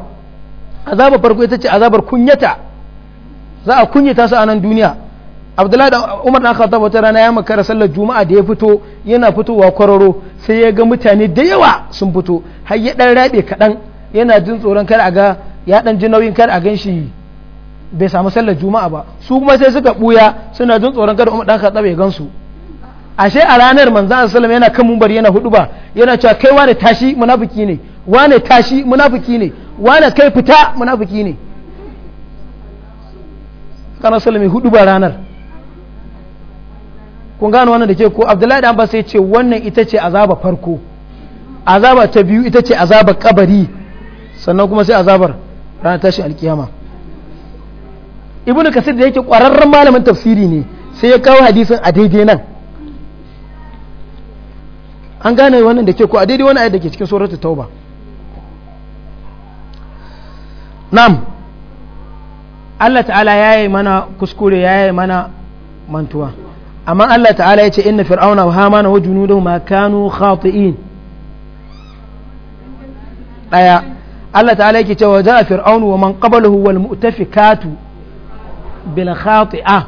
azabar farko ita ce azabar kunyata za a kunyata su a nan duniya abdullahi da umar dan khattab wata rana ya makara sallar juma'a da ya fito yana fitowa kwararo sai ya ga mutane da yawa sun fito har ya dan rabe kaɗan yana jin tsoron kar a ga ya dan ji nauyin kar a gan bai samu sallar juma'a ba su kuma sai suka buya suna jin tsoron kar umar dan khattab ya gansu ashe a ranar manzo sallallahu alaihi yana kan mumbar yana hudu ba yana cewa kai wane tashi munafuki ne wane tashi munafiki ne wane kai fita munafiki ne kana salami hudu ba ranar kun gano wannan da ke ko abdullahi da abbas ce wannan ita ce azaba farko azaba ta biyu ita ce azaba kabari sannan kuma sai azabar ranar tashi alkiyama ibnu kasir da yake kwararren malamin tafsiri ne sai ya kawo hadisin a daidai nan an gane wannan da ke ko a daidai wani ayat da ke cikin suratul tauba nam Allah ta'ala ya yi mana kuskure ya yi mana mantuwa amma Allah ta'ala ya ce inna fir'auna wa hamana wa junudahu ma kanu khati'in daya Allah ta'ala yake cewa a fir'aunu wa man qablahu wal mu'tafikatu bil khati'a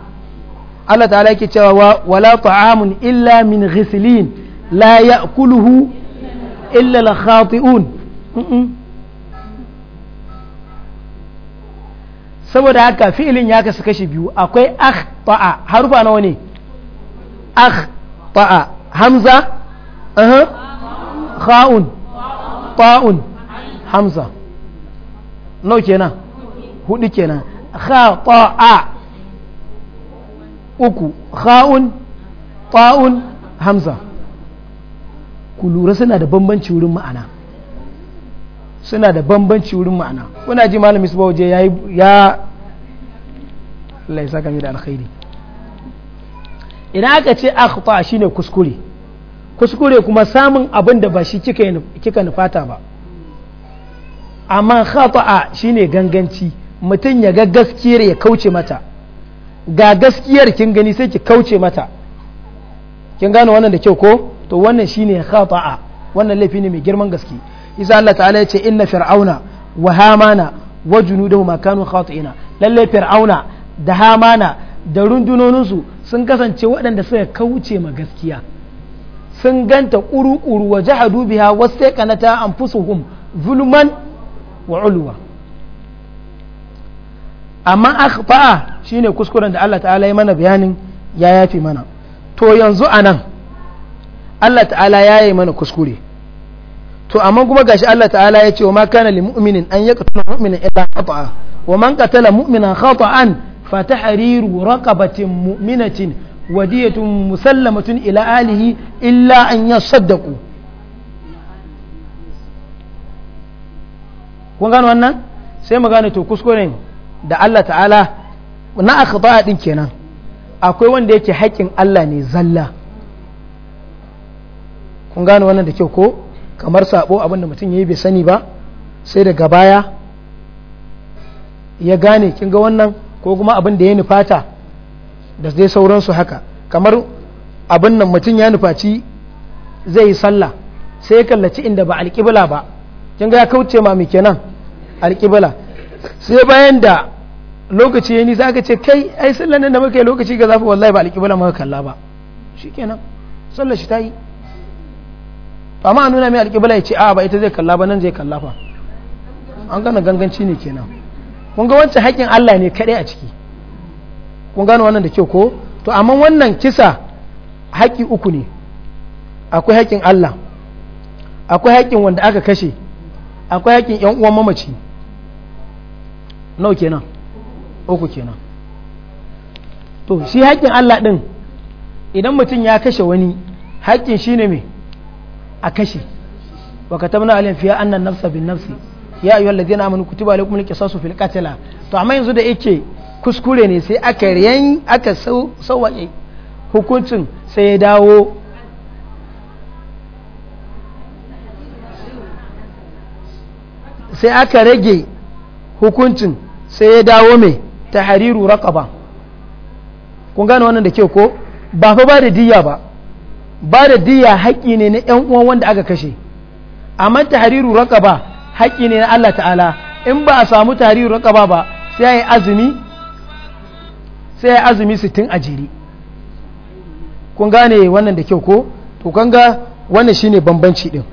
Allah ta'ala yake cewa wala ta'amun illa min ghislin la ya'kuluhu illa al khati'un saboda haka fi'ilin ya kasu kashi biyu akwai akhta'a harufa nawa ne akhta'a hamza aha kha'un ta'un hamza nau kenan hudu kenan khata'a uku kha'un ta'un hamza ku lura suna da bambanci wurin ma'ana suna da bambanci wurin ma'ana kuna ji malami su waje ya ya laisa game da alkhairi idan aka ce akhta shine kuskure kuskure kuma samun abin da ba shi kika nufata ba amma khata'a shine ganganci mutum ya ga gaskiyar ya kauce mata ga gaskiyar kin gani sai ki kauce mata kin gano wannan da kyau ko to wannan shine khata'a wannan laifi ne mai girman gaske isa Allah ta'ala ya ce inna fir'auna wa hamana wa junudahu ma kanu khati'ina lalle fir'auna da hamana da rundunoninsu sun kasance waɗanda suka kauce ma gaskiya sun ganta ƙuru-ƙuru wa jahadu biha wasu kanata anfusuhum zulman wa ulwa amma akhfa shine kuskuren da Allah ta'ala ya mana bayanin ya yafi mana to yanzu anan Allah ta'ala ya yi mana kuskure to amma kuma gashi Allah ta'ala ya ce wa ma kana lil mu'minin an yaqtula muminin illa khata'a wa man qatala mu'minan khata'an fa tahriru raqabatin mu'minatin diyatun musallamatun ila alihi illa an yasaddaqu kun gano wannan sai mu gane to kuskure da Allah ta'ala na akhta'a din kenan akwai wanda yake haƙin Allah ne zalla kun gano wannan da kyau ko kamar sabo abinda mutum ya yi bai sani ba sai daga baya ya gane kin ga wannan ko kuma abin da ya nufata da dai sauransu haka kamar abin nan mutum ya nufaci zai yi sallah sai ya kallaci inda ba alƙibla ba kin ga ya kauce ma mai kenan alƙibla sai bayan da lokaci ya nisa aka ce kai ai sallan nan da muka lokaci ga zafi wallahi ba alƙibla muka kalla ba shikenan sallar shi ta yi ba a nuna mai alƙibla ya ce a ba ita zai kalla ba nan zai kalla fa an gana ganganci ne kenan kun ga wancan haƙƙin Allah ne kaɗai a ciki kun gano wannan da kyau ko to amma wannan kisa haƙƙi uku ne akwai haƙƙin Allah akwai haƙƙin wanda aka kashe akwai haƙƙin ƴan uwan mamaci nawa kenan uku kenan to shi haƙƙin Allah din idan mutum ya kashe wani haƙƙin shine mai. a kashe wa katabna alayhim fiha annan nafsa bin nafsi ya ayyuhal ladina amanu kutiba alaykum al fil qatl to amma yanzu da yake kuskure ne sai aka riyan aka sauwaƙe hukuncin sai ya dawo sai aka rage hukuncin sai ya dawo mai ta hariru ba kun gane wannan da ke ko ba fa ba da diya ba ba da diya haƙƙi ne na ‘yan uwan wanda aka kashe amma tahriru ba haƙƙi ne na Allah ta'ala in ba a samu hariru raqaba ba sai ya yi azumi sittin a jiri kun gane wannan da kyau ko to kan ga wannan shine bambanci din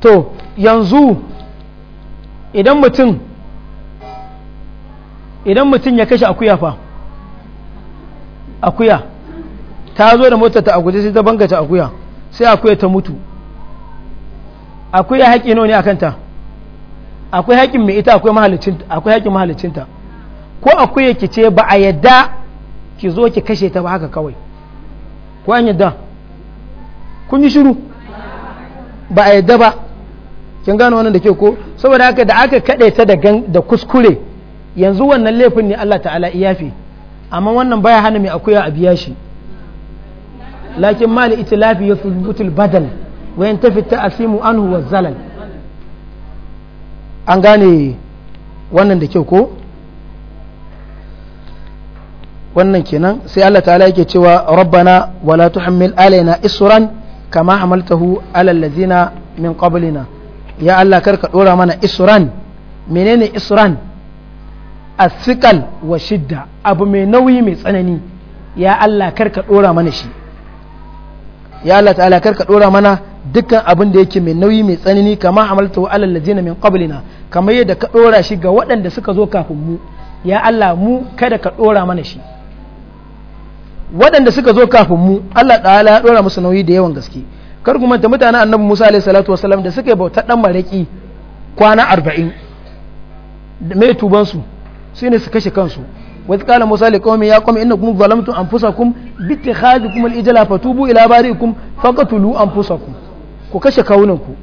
to yanzu idan mutum idan mutum ya kashe akuya fa akuya ta zo da motar ta a sai ta bangace akuya sai akuya ta mutu akuya haƙi nawa ne akan ta akwai haƙin mai ita akwai akwai haƙin ta ko akuya ki ce ba a yadda ki zo ki kashe ta ba haka kawai ko an yadda kun yi shiru ba a yadda ba kin gane wannan da ke ko saboda haka da aka kaɗe ta da kuskure yanzu wannan laifin ne Allah ta'ala iyafi amma wannan baya hana mai akuya a biya shi lakin mal itlafi yuthbutu al-badal wa ta ta'simu anhu wa zalal an gane wannan da kyau ko wannan kenan sai Allah ta'ala yake cewa rabbana wala tuhammil alaina isran kama hamaltahu ala min qablina ya Allah karka dora mana isran menene isran asikal wa shidda abu mai nauyi mai tsanani ya Allah karka dora mana shi ya Allah ta'ala kar ka dora mana dukkan abin da yake mai nauyi mai tsanani kama amalta wa alal ladina min qablina kamar yadda ka dora shi ga waɗanda suka zo kafin mu ya Allah mu kada ka dora mana shi waɗanda suka zo kafin mu Allah ta'ala ya dora musu nauyi da yawan gaske kar ku manta mutanen annabi Musa alaihi salatu wasallam da suka yi bauta dan maraki kwana 40 mai tuban su sai ne su kashe kansu wa kala musa liqaumi ya qawmi innakum zalamtu anfusakum bi ittikhadikum al-ijla fatubu ila an faqtulu anfusakum ku kashe kawunanku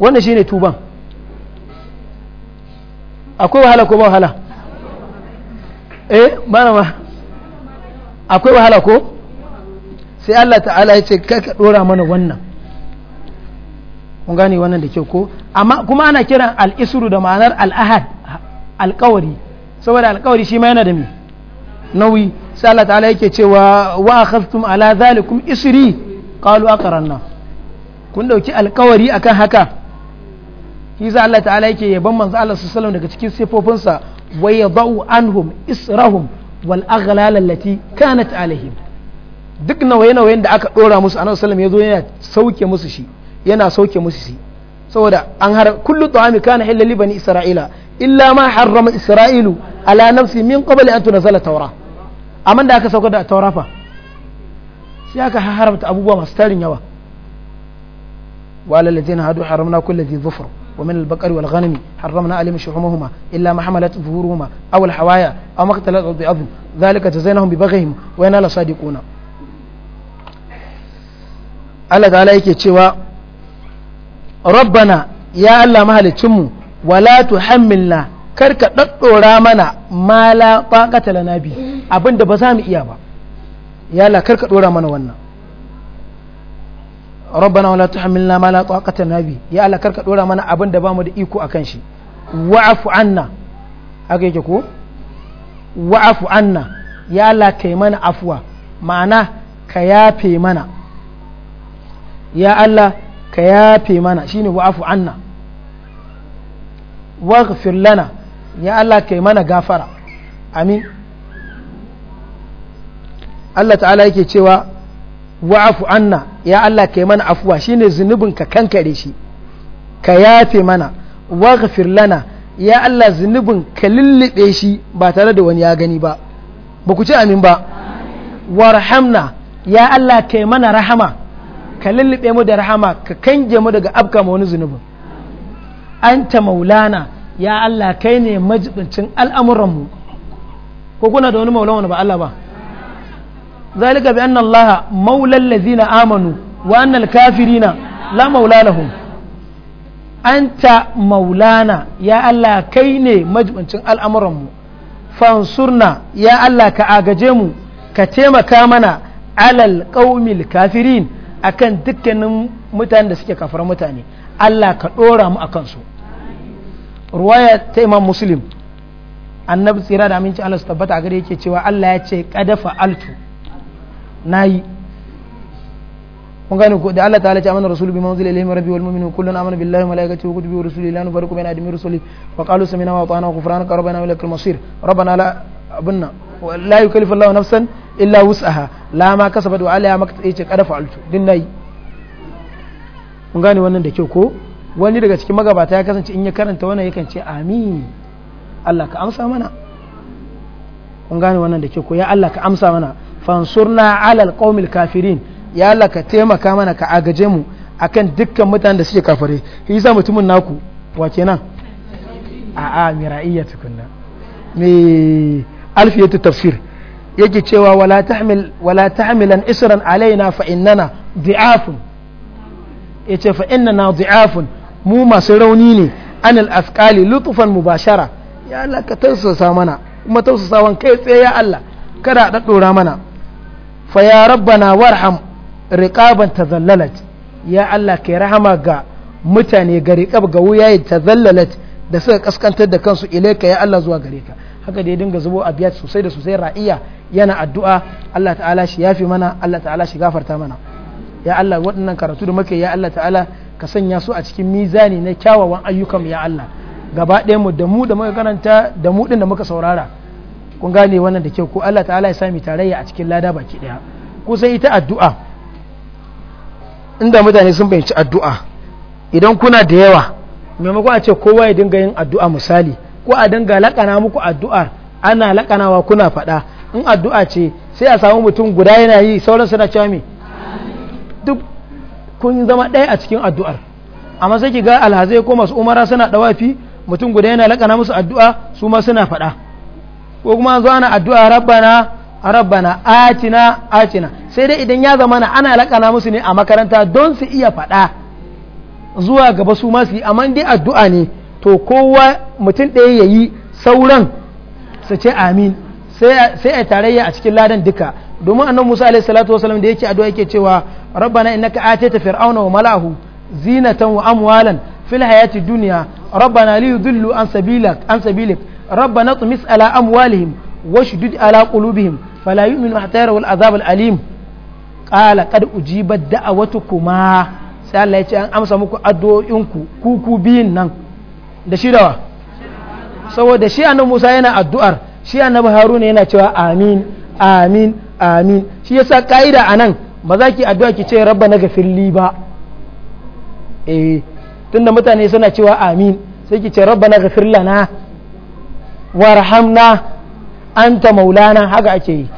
wannan shine tuban akwai wahala ko ba wahala eh mana ma akwai wahala ko sai Allah ta'ala ya ce kai ka dora mana wannan kun gane wannan da kyau ko amma kuma ana kiran al-isru da ma'anar al-ahad alƙawari saboda alkawari shi ma yana da mi nauyi sai Allah ta'ala yake cewa wa akhadhtum ala zalikum isri qalu aqranna kun dauki alkawari akan haka hiza Allah ta'ala yake yaban manzo Allah sallallahu daga cikin sifofinsa wa yadau anhum israhum wal aghlal allati kanat alaihim duk nawaye-nawayen da aka dora musu annabi sallallahu alaihi wasallam yazo yana sauke musu shi yana sauke musu shi saboda an har kullu ta'ami kana halal bani isra'ila illa ma harrama isra'ilu ala nafsi min qabla an tunzala tawra amanda aka sauka da tawra fa sai aka haramta abubuwa masu tarin yawa wala ladina hadu haramna kulli dhi dhufr wa min al-baqari wal ghanam haramna alim shuhumahuma illa ma hamalat dhuhuruhuma aw al-hawaya aw maqtala al-ardi adhu dhalika jazainahum bi baghihim wa yana la sadiquna Allah ta'ala yake cewa rabbana ya Allah mahalicinmu wala tuhammilna kar ka mana mala taqata na bi abinda ba za mu iya ba ya la kar ka mana wannan rabbana wala tuhammilna ma la taqata lana bi ya la kar ka mana abinda ba mu da iko akan shi wa'fu anna haka yake ko wa'fu anna ya la kai mana afwa ma'ana ka yafe mana ya Allah ka yafe mana shine wa'fu anna waghfir lana ya Allah kai mana gafara amin Allah ta'ala yake cewa wa'afu anna ya Allah kai mana afuwa shine zunubin ka kankare shi ka yafe mana waghfir lana ya Allah zunubin ka lullube shi ba tare da wani ya gani ba ba ku ce amin ba warhamna ya Allah kai mana rahama ka lullube mu da rahama ka kange mu daga abka ma wani zunubin anta maulana ya Allah kai ne majibincin al'amuranmu ko kuna da wani maula wani ba Allah ba zalika bi anna Allah maulal amanu wa annal kafirina la maula lahum ta maulana ya Allah kai ne majibincin al'amuranmu fansurna ya Allah ka agaje mu ka taimaka mana alal ƙaumil kafirin akan dukkanin mutanen da suke kafar mutane Allah ka ɗora mu a su ruwaya ta imam muslim annabi tsira da aminci Allah su tabbata a gare yake cewa Allah ya ce kadafa altu nayi kun gane ko da Allah ta halace amana rasulu bima unzila ilayhi rabbi wal mu'minun kullun amana billahi wa malaikatihi wa kutubihi wa rusulihi la nufarriqu bayna ahadin min rusulihi wa qalu sami'na wa ata'na ghufranaka rabbana wa ilakal masir rabbana la abunna la yukallifu Allahu nafsan illa wus'aha la ma kasabat wa alaiha ma kasabat ce kadafa altu din nayi kun gane wannan da kyau ko wani daga cikin magabata ya kasance in ya karanta wannan yakan ce amin Allah ka amsa mana kun gane wannan da ke ko ya Allah ka amsa mana fansurna alal qaumil kafirin ya Allah ka taimaka mana ka agaje mu akan dukkan mutanen da suke kafare yasa mutumin naku wa kenan a mira'iyya tukunna me alfiyatu tafsir yake cewa wala tahmil wala tahmilan isran alaina fa innana dha'afun yace fa innana dha'afun mu masu rauni ne anil askali lutufan mubashara ya Allah ka tausasa mana kuma tausasawan kai tsaye ya Allah kada a daddora mana fa ya rabbana warham riqaban tazallalat ya Allah kai rahama ga mutane ga riqab ga ta tazallalat da suka kaskantar da kansu ilaika ya Allah zuwa gare ka haka da ya dinga zubo a biya sosai da sosai ra'iya yana addu'a Allah ta'ala shi yafi mana Allah ta'ala shi gafarta mana ya Allah waɗannan karatu da muke ya Allah ta'ala ka sanya su a cikin mizani na kyawawan ayyukan ya Allah gaba ɗaya mu da mu da muka karanta da mu ɗin da muka saurara kun gane wannan da kyau ko Allah ta'ala ya sami tarayya a cikin lada baki ɗaya sai ita addu'a inda mutane sun fahimci addu'a idan kuna da yawa maimakon a ce kowa ya dinga yin addu'a misali ko a dinga lakana muku addu'ar ana lakanawa kuna faɗa in addu'a ce sai a samu mutum guda yana yi sauran suna cewa duk kun zama ɗaya a cikin addu'ar A sai ki ga alhazai ko masu umara suna ɗawafi mutum guda yana lakana musu addu'a su ma suna faɗa ko kuma zo ana addu'a rabbana rabbana atina atina sai dai idan ya zama na ana laƙana musu ne a makaranta don su iya faɗa zuwa gaba su ma yi amma dai addu'a ne to kowa mutum ɗaya ya yi sauran su ce amin sai a tarayya a cikin ladan duka domin annabi Musa alaihi salatu wasallam da yake addu'a yake cewa rabbana innaka atayta fir'auna wa mala'ahu zinatan wa amwalan fil hayati dunya rabbana li yudillu an sabilak an sabilik rabbana tumis ala amwalihim washdud ala qulubihim fala yu'minu hatta yarawul azab al'alim alim qala qad ujibat da'awatukuma sai Allah ya ce an amsa muku addu'o'inku kuku biyin nan da shi dawa saboda shi annabi Musa yana addu'ar shi annabi Haruna yana cewa amin amin amin shi yasa ka'ida a nan ba za ki addu'a ki ce rabba na gafirli ba eh tunda mutane suna cewa amin sai ki ce rabba na gafin lana warhamna anta maulana haka ake yi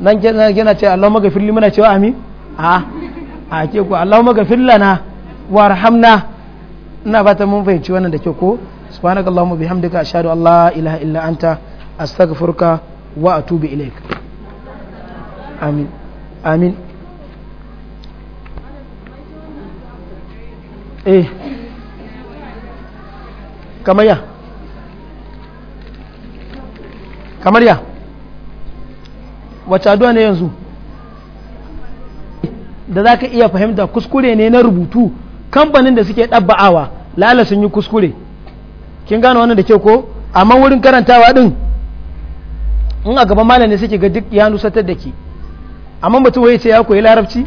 nan gina ce Allah magafir li muna cewa amin a a ke ku Allah magafir lana warhamna ina ba ta mun fahimci wannan da ke ko subhanakallahumma bihamdika ashhadu an la ilaha illa anta astaghfiruka wa atubu ilaik amin amin eh kamar ya kamar ya wacce addu'a ne yanzu da za ka iya fahimta kuskure ne na rubutu kamfanin da suke ɗabba'awa lalata sun yi kuskure kin gane wannan da ke ko amma wurin karantawa din. in a gaban malami suke ga duk ya nusatar da ke amma mutum wai ce ya koyi larabci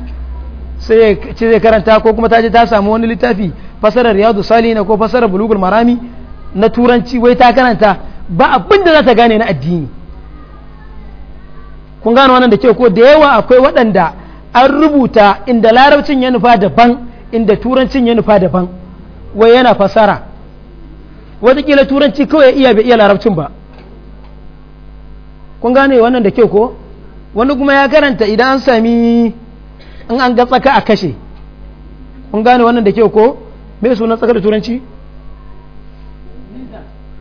sai ya ce zai karanta ko kuma ta je ta samu wani littafi fasarar riyadu salina ko fasarar bulugul marami na turanci wai ta karanta ba abin da za ta gane na addini kun gane wannan da ke ko da yawa akwai waɗanda an rubuta inda larabcin ya nufa daban inda turancin ya nufa daban wai yana fasara watakila turanci kawai iya bai iya larabcin ba kun gane wannan da ke ko wani kuma ya karanta idan an sami in an ga tsaka a kashe kun gane wannan da ke ko me sunan tsaka da turanci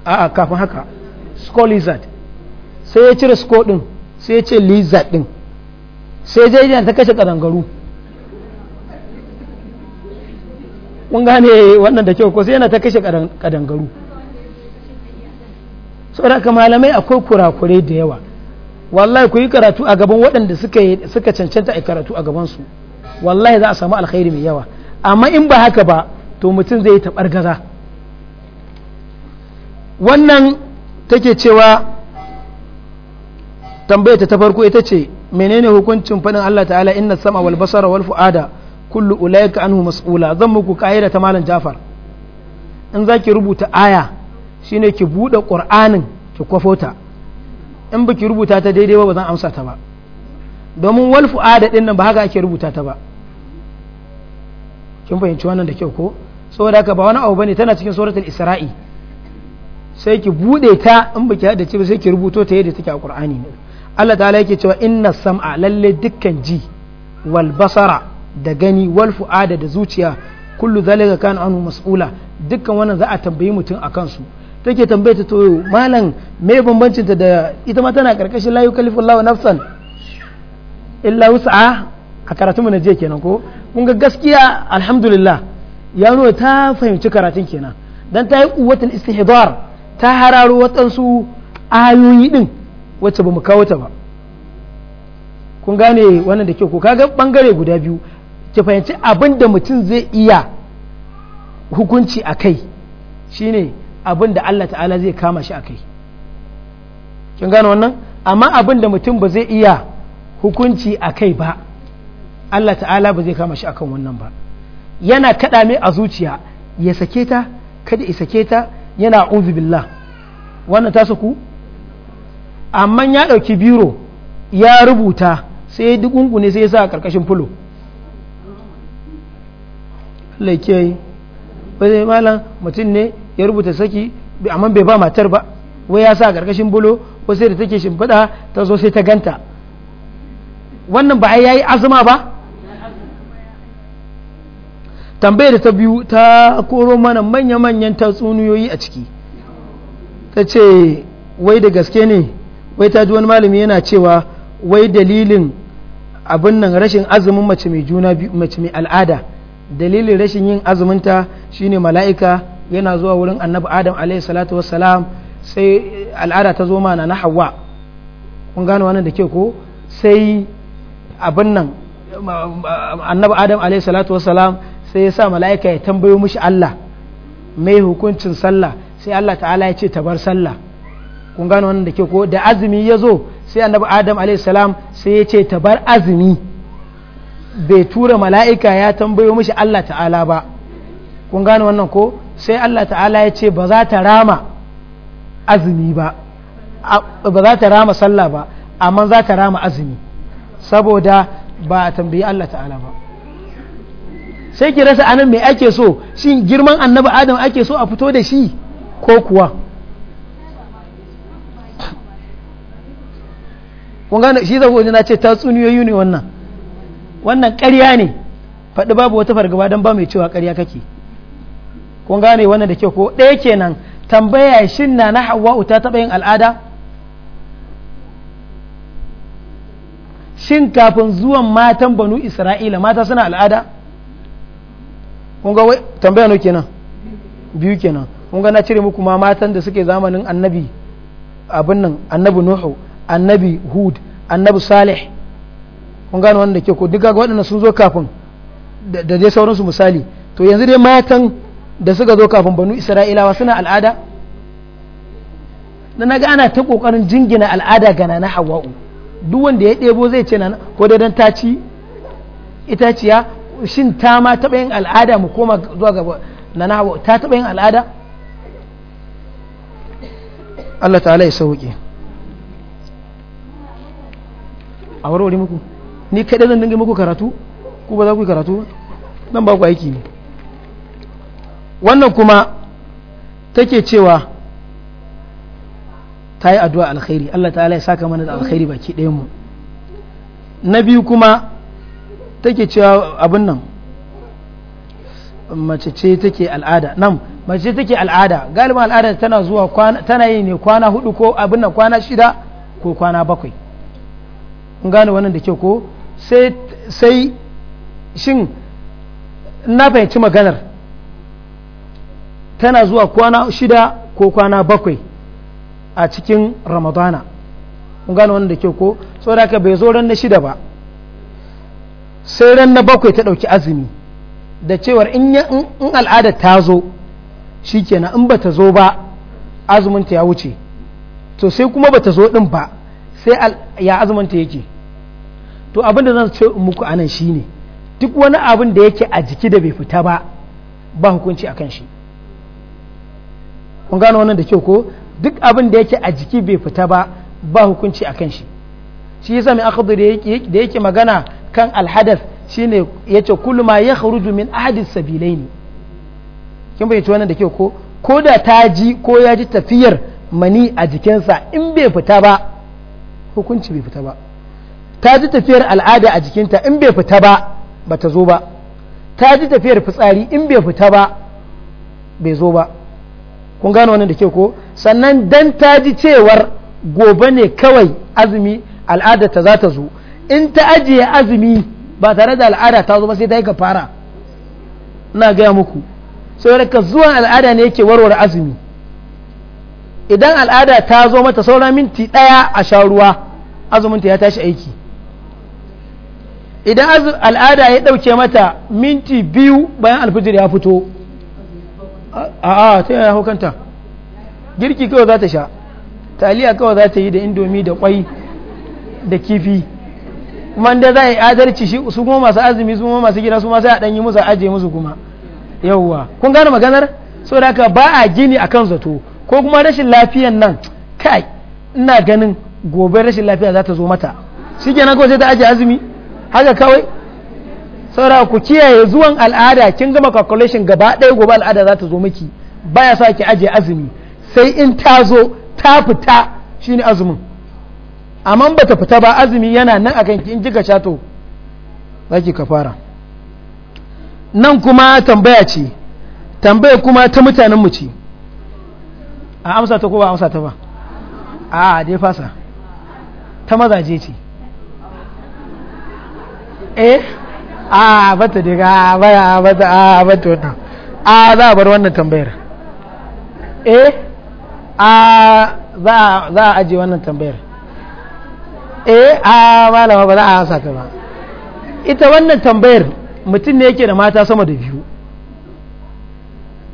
a kafin haka sko lizard sai ya cire sko din sai ya ce lizard din sai jaijiyar ta kashe kadangaru kun gane wannan da ke ko sai yana ta kashe kadangaru da haka malamai akwai kurakurai da yawa wallahi ku yi karatu a gaban waɗanda suka cancanta a karatu a gabansu wallahi za a samu alkhairi mai yawa amma in ba haka ba to mutum zai yi taɓar gaza wannan take cewa tambayata ta farko ita ce menene hukuncin faɗin Allah ta'ala inna sama wal basara wal fu'ada kullu ulaika anhu mas'ula zan muku kaida ta malam Jafar in zaki rubuta aya shine ki buɗe Qur'anin ki kwafota in baki rubuta ta daidai ba ba zan amsa ta ba domin wal fu'ada din nan ba haka ake rubuta ta ba kin fahimci wannan da kyau ko saboda haka ba wani abu bane tana cikin suratul isra'i sai ki bude ta in baki hada ce ba sai ki rubuto ta yadda take a qur'ani ne Allah ta'ala yake cewa inna sam'a lalle dukkan ji wal basara da gani wal fu'ada da zuciya kullu zalika kana anhu mas'ula dukkan wannan za a tambayi mutum akan su take tambaye ta to malam me bambancin ta da ita ma tana karkashin la yukallifu Allahu nafsan illa wus'a a karatu mu na je kenan ko mun ga gaskiya alhamdulillah ya no ta fahimci karatun kenan dan ta yi quwwatul istihdar ta hararo waɗansu ayoyi din wacce ba mu kawo ta ba kun gane wannan da kyau ko kaga bangare guda biyu ki fahimci abin da mutum zai iya hukunci a kai shine abin da Allah ta'ala zai kama shi a kai kin gano wannan amma abin da mutum ba zai iya hukunci a kai ba Allah ta'ala ba zai kama shi akan wannan ba yana kaɗa mai a zuciya ya sake ta kada ya sake ta yana billah wannan ta saku amma ya ɗauki biro ya rubuta sai ya dukungune sai ya sa a ƙarƙashin fulo yi ba zai malam mutum ne ya rubuta saki amma bai ba matar ba wai ya sa karkashin bulo ko sai da take shimfiɗa ta zo sai ta ganta wannan ba ai yayi azuma ba tambayar ta biyu ta koro mana manya-manyan tatsuniyoyi a ciki ta ce wai da gaske ne wai ta ji wani malami yana cewa wai dalilin abin nan rashin azumin mace mai juna mace mai al'ada dalilin rashin yin azuminta shine mala'ika yana zuwa wurin annabi adam alaihi salatu wassalam sai al'ada ta zo mana na hawa kun gano wannan da ke ko sai abin nan annabi adam alaihi salatu wassalam sai ya sa mala'ika ya tambayo mishi Allah mai hukuncin sallah sai Allah ta'ala ya ce ta bar sallah kun gano wannan da ke ko da azumi ya zo sai annabi adam alaihi salam sai ya ce ta bar azumi bai tura mala'ika ya tambayo mishi Allah ta'ala ba kun gano wannan ko sai Allah ta'ala ya ce ba za ta rama azumi ba ba za ta rama sallah ba amma za ta rama azumi saboda ba a tambayi Allah ta'ala ba sai ki rasa anan mai ake so shin girman annabi adam ake so a fito da shi ko kuwa kun gane shi zafi wajen na ce ta tsuniyoyi ne wannan wannan ƙarya ne faɗi babu wata fargaba don ba mai cewa ƙarya kake kun gane wannan da kyau ko ɗaya kenan tambaya shin na na hawa'u ta taɓa yin al'ada shin kafin zuwan matan banu isra'ila mata suna al'ada kun ga tambaya no kenan biyu kenan kun ga na cire muku ma matan da suke zamanin annabi abin nan annabi nuhu annabi hud annabi salih kun gane wanda ke ko duka ga waɗanda sun zo kafin da dai sauransu misali to yanzu dai matan da suka zo kafin banu isra'ilawa suna al'ada na naga ana ta kokarin jingina al'ada ga na hawa'u duk wanda ya ɗebo zai ce na ko da dan taci itaciya shin ta ma taɓa yin al'ada mu koma zuwa gaba na na hawa'u ta taɓa yin al'ada Allah ta'ala ya sauke a warware muku ni kaɗai zan dinga muku karatu ku ba za ku yi karatu nan ba ku aiki ne wannan kuma take cewa ta yi addu'a alkhairi Allah ta ya saka mana da alkhairi baki ɗaya mu na biyu kuma take cewa abin nan mace ce take al'ada nan mace take al'ada galiban al'ada tana zuwa tana yi ne kwana hudu ko abin nan kwana shida ko kwana bakwai in gane wannan da ke ko sai shin na fahimci maganar tana zuwa kwana shida ko kwana bakwai a cikin ramadana kun gane wanda ke ko da aka bai zo ran na shida ba sai ran na bakwai ta ɗauki azumi da cewar in al'adar ta zo shi kenan in ba ta zo ba azuminta ya wuce to sai kuma ba ta zo ɗin ba sai ya azuminta yake to abin da zan ce muku anan shine duk wani abin da yake a jiki da bai fita ba ba hukunci a kan shi kun gano wannan da kyau ko duk abin da yake a jiki bai fita ba ba hukunci a kan shi shi yasa mai akhadu da yake magana kan alhadath shine yace kullu ma yakhruju min ahadis sabilaini kin bai ci wannan da kyau ko ko da ta ji ko ya ji tafiyar mani a jikinsa in bai fita ba hukunci bai fita ba ta ji tafiyar al'ada a jikinta in bai fita ba ba ta zo ba ta ji tafiyar fitsari in bai fita ba bai zo ba kun gano wannan da ke ko sannan dan ta ji cewar gobe ne kawai azumi al'ada ta za ta zo in ta ajiye azumi ba tare da al'ada ta zo ba sai ta yi ka fara ina gaya muku sai ka zuwan al'ada ne yake warware azumi idan al'ada ta zo mata saura minti ɗaya a sha ruwa azuminta ya tashi aiki idan al'ada ya ɗauke mata minti biyu bayan alfijir ya fito a ta yaya hukanta girki kawai za ta sha taliya kawai za ta yi da indomi da kwai da kifi kuma da za a yi adalci shi su kuma masu azumi su kuma masu gida su ma sai a dan yi musu aje musu kuma yawwa kun gane maganar so da haka ba a gini akan zato ko kuma rashin lafiyan nan kai ina ganin gobe rashin lafiya za ta zo mata shi kenan kawai sai ta ajiye azumi haka kawai saura ku kiyaye zuwan al'ada kin gama calculation gaba ɗaya gobe al'ada za ta zo miki baya sa ki aje azumi sai in ta zo ta fita shine azumin amma ba ta fita ba azumi yana nan akan ki in kika shato za ki kafara nan kuma tambaya ce tambaya kuma ta mutanen mu ce a amsa ta ko ba amsa ta ba a dai fasa ta mazaje ce eh a bata diga a baya bata a bata wannan a za a bar wannan tambayar eh a za a aje wannan tambayar eh a malama ba za a hasa ta ba ita wannan tambayar mutum ne yake da mata sama da biyu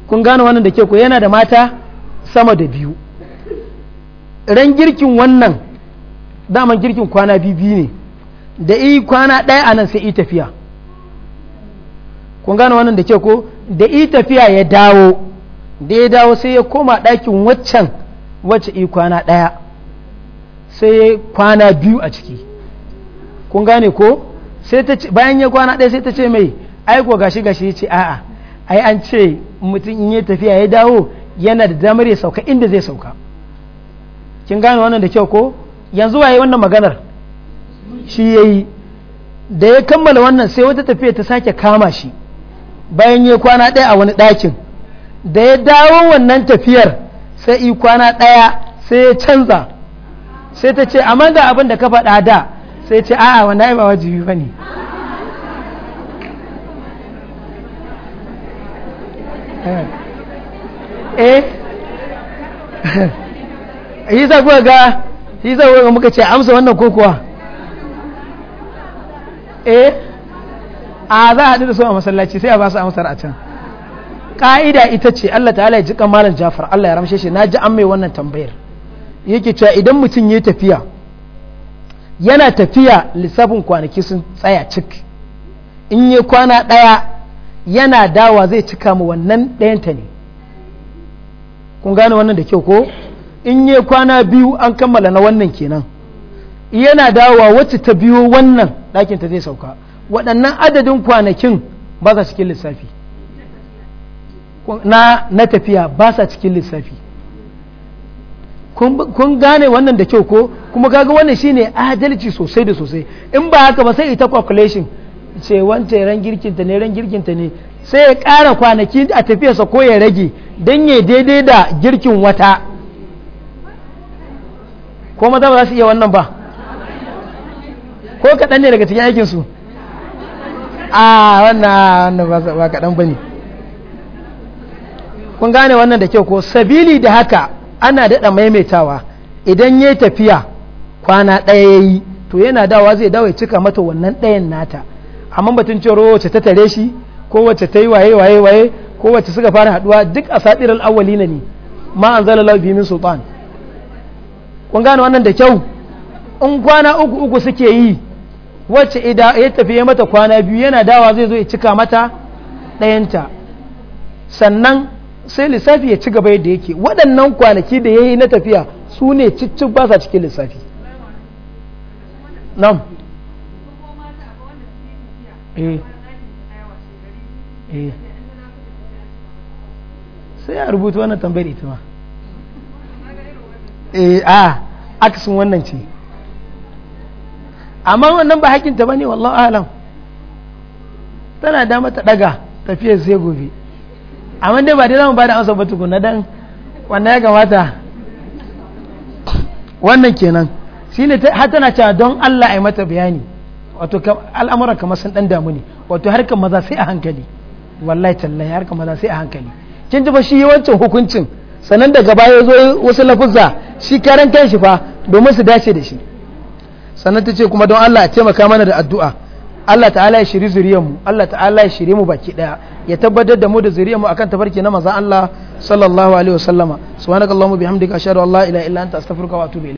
kun gane wannan da ke ku yana da mata sama da biyu ran girkin wannan daman girkin kwana biyu ne da i kwana ɗaya a nan sai i tafiya kun gane wannan da ke ko da i tafiya ya dawo da ya dawo sai ya koma ɗakin waccan wacce i kwana ɗaya sai ya kwana biyu a ciki kun gane ko bayan ya kwana ɗaya sai ta ce mai aiko gashi gashi ya ce a'a ai an ce mutum in ya tafiya ya dawo yana da damar ya sauka inda zai sauka kin gane wannan da kyau ko yanzu waye wannan maganar shi yayi da ya kammala wannan sai wata tafiya ta sake kama shi bayan ya kwana ɗaya a wani ɗakin da ya dawo wannan tafiyar sai yi kwana ɗaya sai ya canza sai ta ce amma ga abin da ka faɗa da sai ce a'a wanda ba wajibi ba ne eh yi za kuwa ga yi za kuwa ga muka ce amsa wannan ko kuwa eh a za a haɗu da su a masallaci sai a ba su amsar a can ka'ida ita ce Allah ta'ala ya ji kamalan Jafar Allah ya ramshe shi na ji an mai wannan tambayar yake cewa idan mutum ya yi tafiya yana tafiya lissafin kwanaki sun tsaya cik in yi kwana ɗaya yana dawa zai cika mu wannan ɗayanta ne kun gane wannan da kyau ko in yi kwana biyu an kammala na wannan kenan yana dawa wacce ta biyo wannan ɗakinta zai sauka waɗannan adadin kwanakin ba sa cikin lissafi na, tafiya ba sa cikin lissafi kun gane wannan da kyau ko kuma kaga wannan shine adalci sosai da sosai in ba haka ba sai ita calculation ce wancan ran girkinta ne ran girkinta ne sai ya ƙara kwanaki a tafiyarsa ko ya rage don ya daidai da girkin wata ko maza ba za su iya wannan ba ko kaɗan ne daga cikin aikinsu a wannan ba kaɗan ba ne kun gane wannan da kyau ko sabili da haka ana daɗa maimaitawa idan ya tafiya kwana ɗaya ya yi to yana dawa zai dawa ya cika mata wannan ɗayan nata amma batun cewa wacce ta tare shi ko wacce ta yi waye waye waye ko wacce suka fara haɗuwa duk a saɗir al'awali na ne ma an zala laubi min sultan kun gane wannan da kyau in kwana uku uku suke yi wacce ya tafi ya mata kwana biyu yana dawa zai zo ya cika mata ɗayanta sannan sai lissafi ya ci gaba yadda yake waɗannan kwanaki da ya yi na tafiya su ne cicci ba sa cikin lissafi nan eh. eh. sai a rubuta wannan tambayar ita ma eh, a akasin wannan ce amma wannan ba hakinta ba ne wallahu alam tana da mata daga tafiyar sai gobe amma dai ba dai ba da amsa ba tukuna dan wannan ya gamata wannan kenan shi ne har tana cewa don Allah yi mata bayani wato al'amura kamar sun dan damu ne wato harkar maza sai a hankali wallahi tallahi harkar maza sai a hankali kin ji ba shi yawancin hukuncin sannan daga baya zo wasu lafuzza shi karan kanshi fa domin su dace da shi sannan ta ce kuma don Allah a taimaka mana da addu'a Allah ta'ala ya shiri zuriyarmu Allah ta'ala ya shiri mu baki daya ya tabbatar da mu da zuriyarmu akan tafarki na maza Allah sallallahu alaihi wasallama subhanakallahumma bihamdika ashhadu an la ilaha illa anta astaghfiruka wa atubu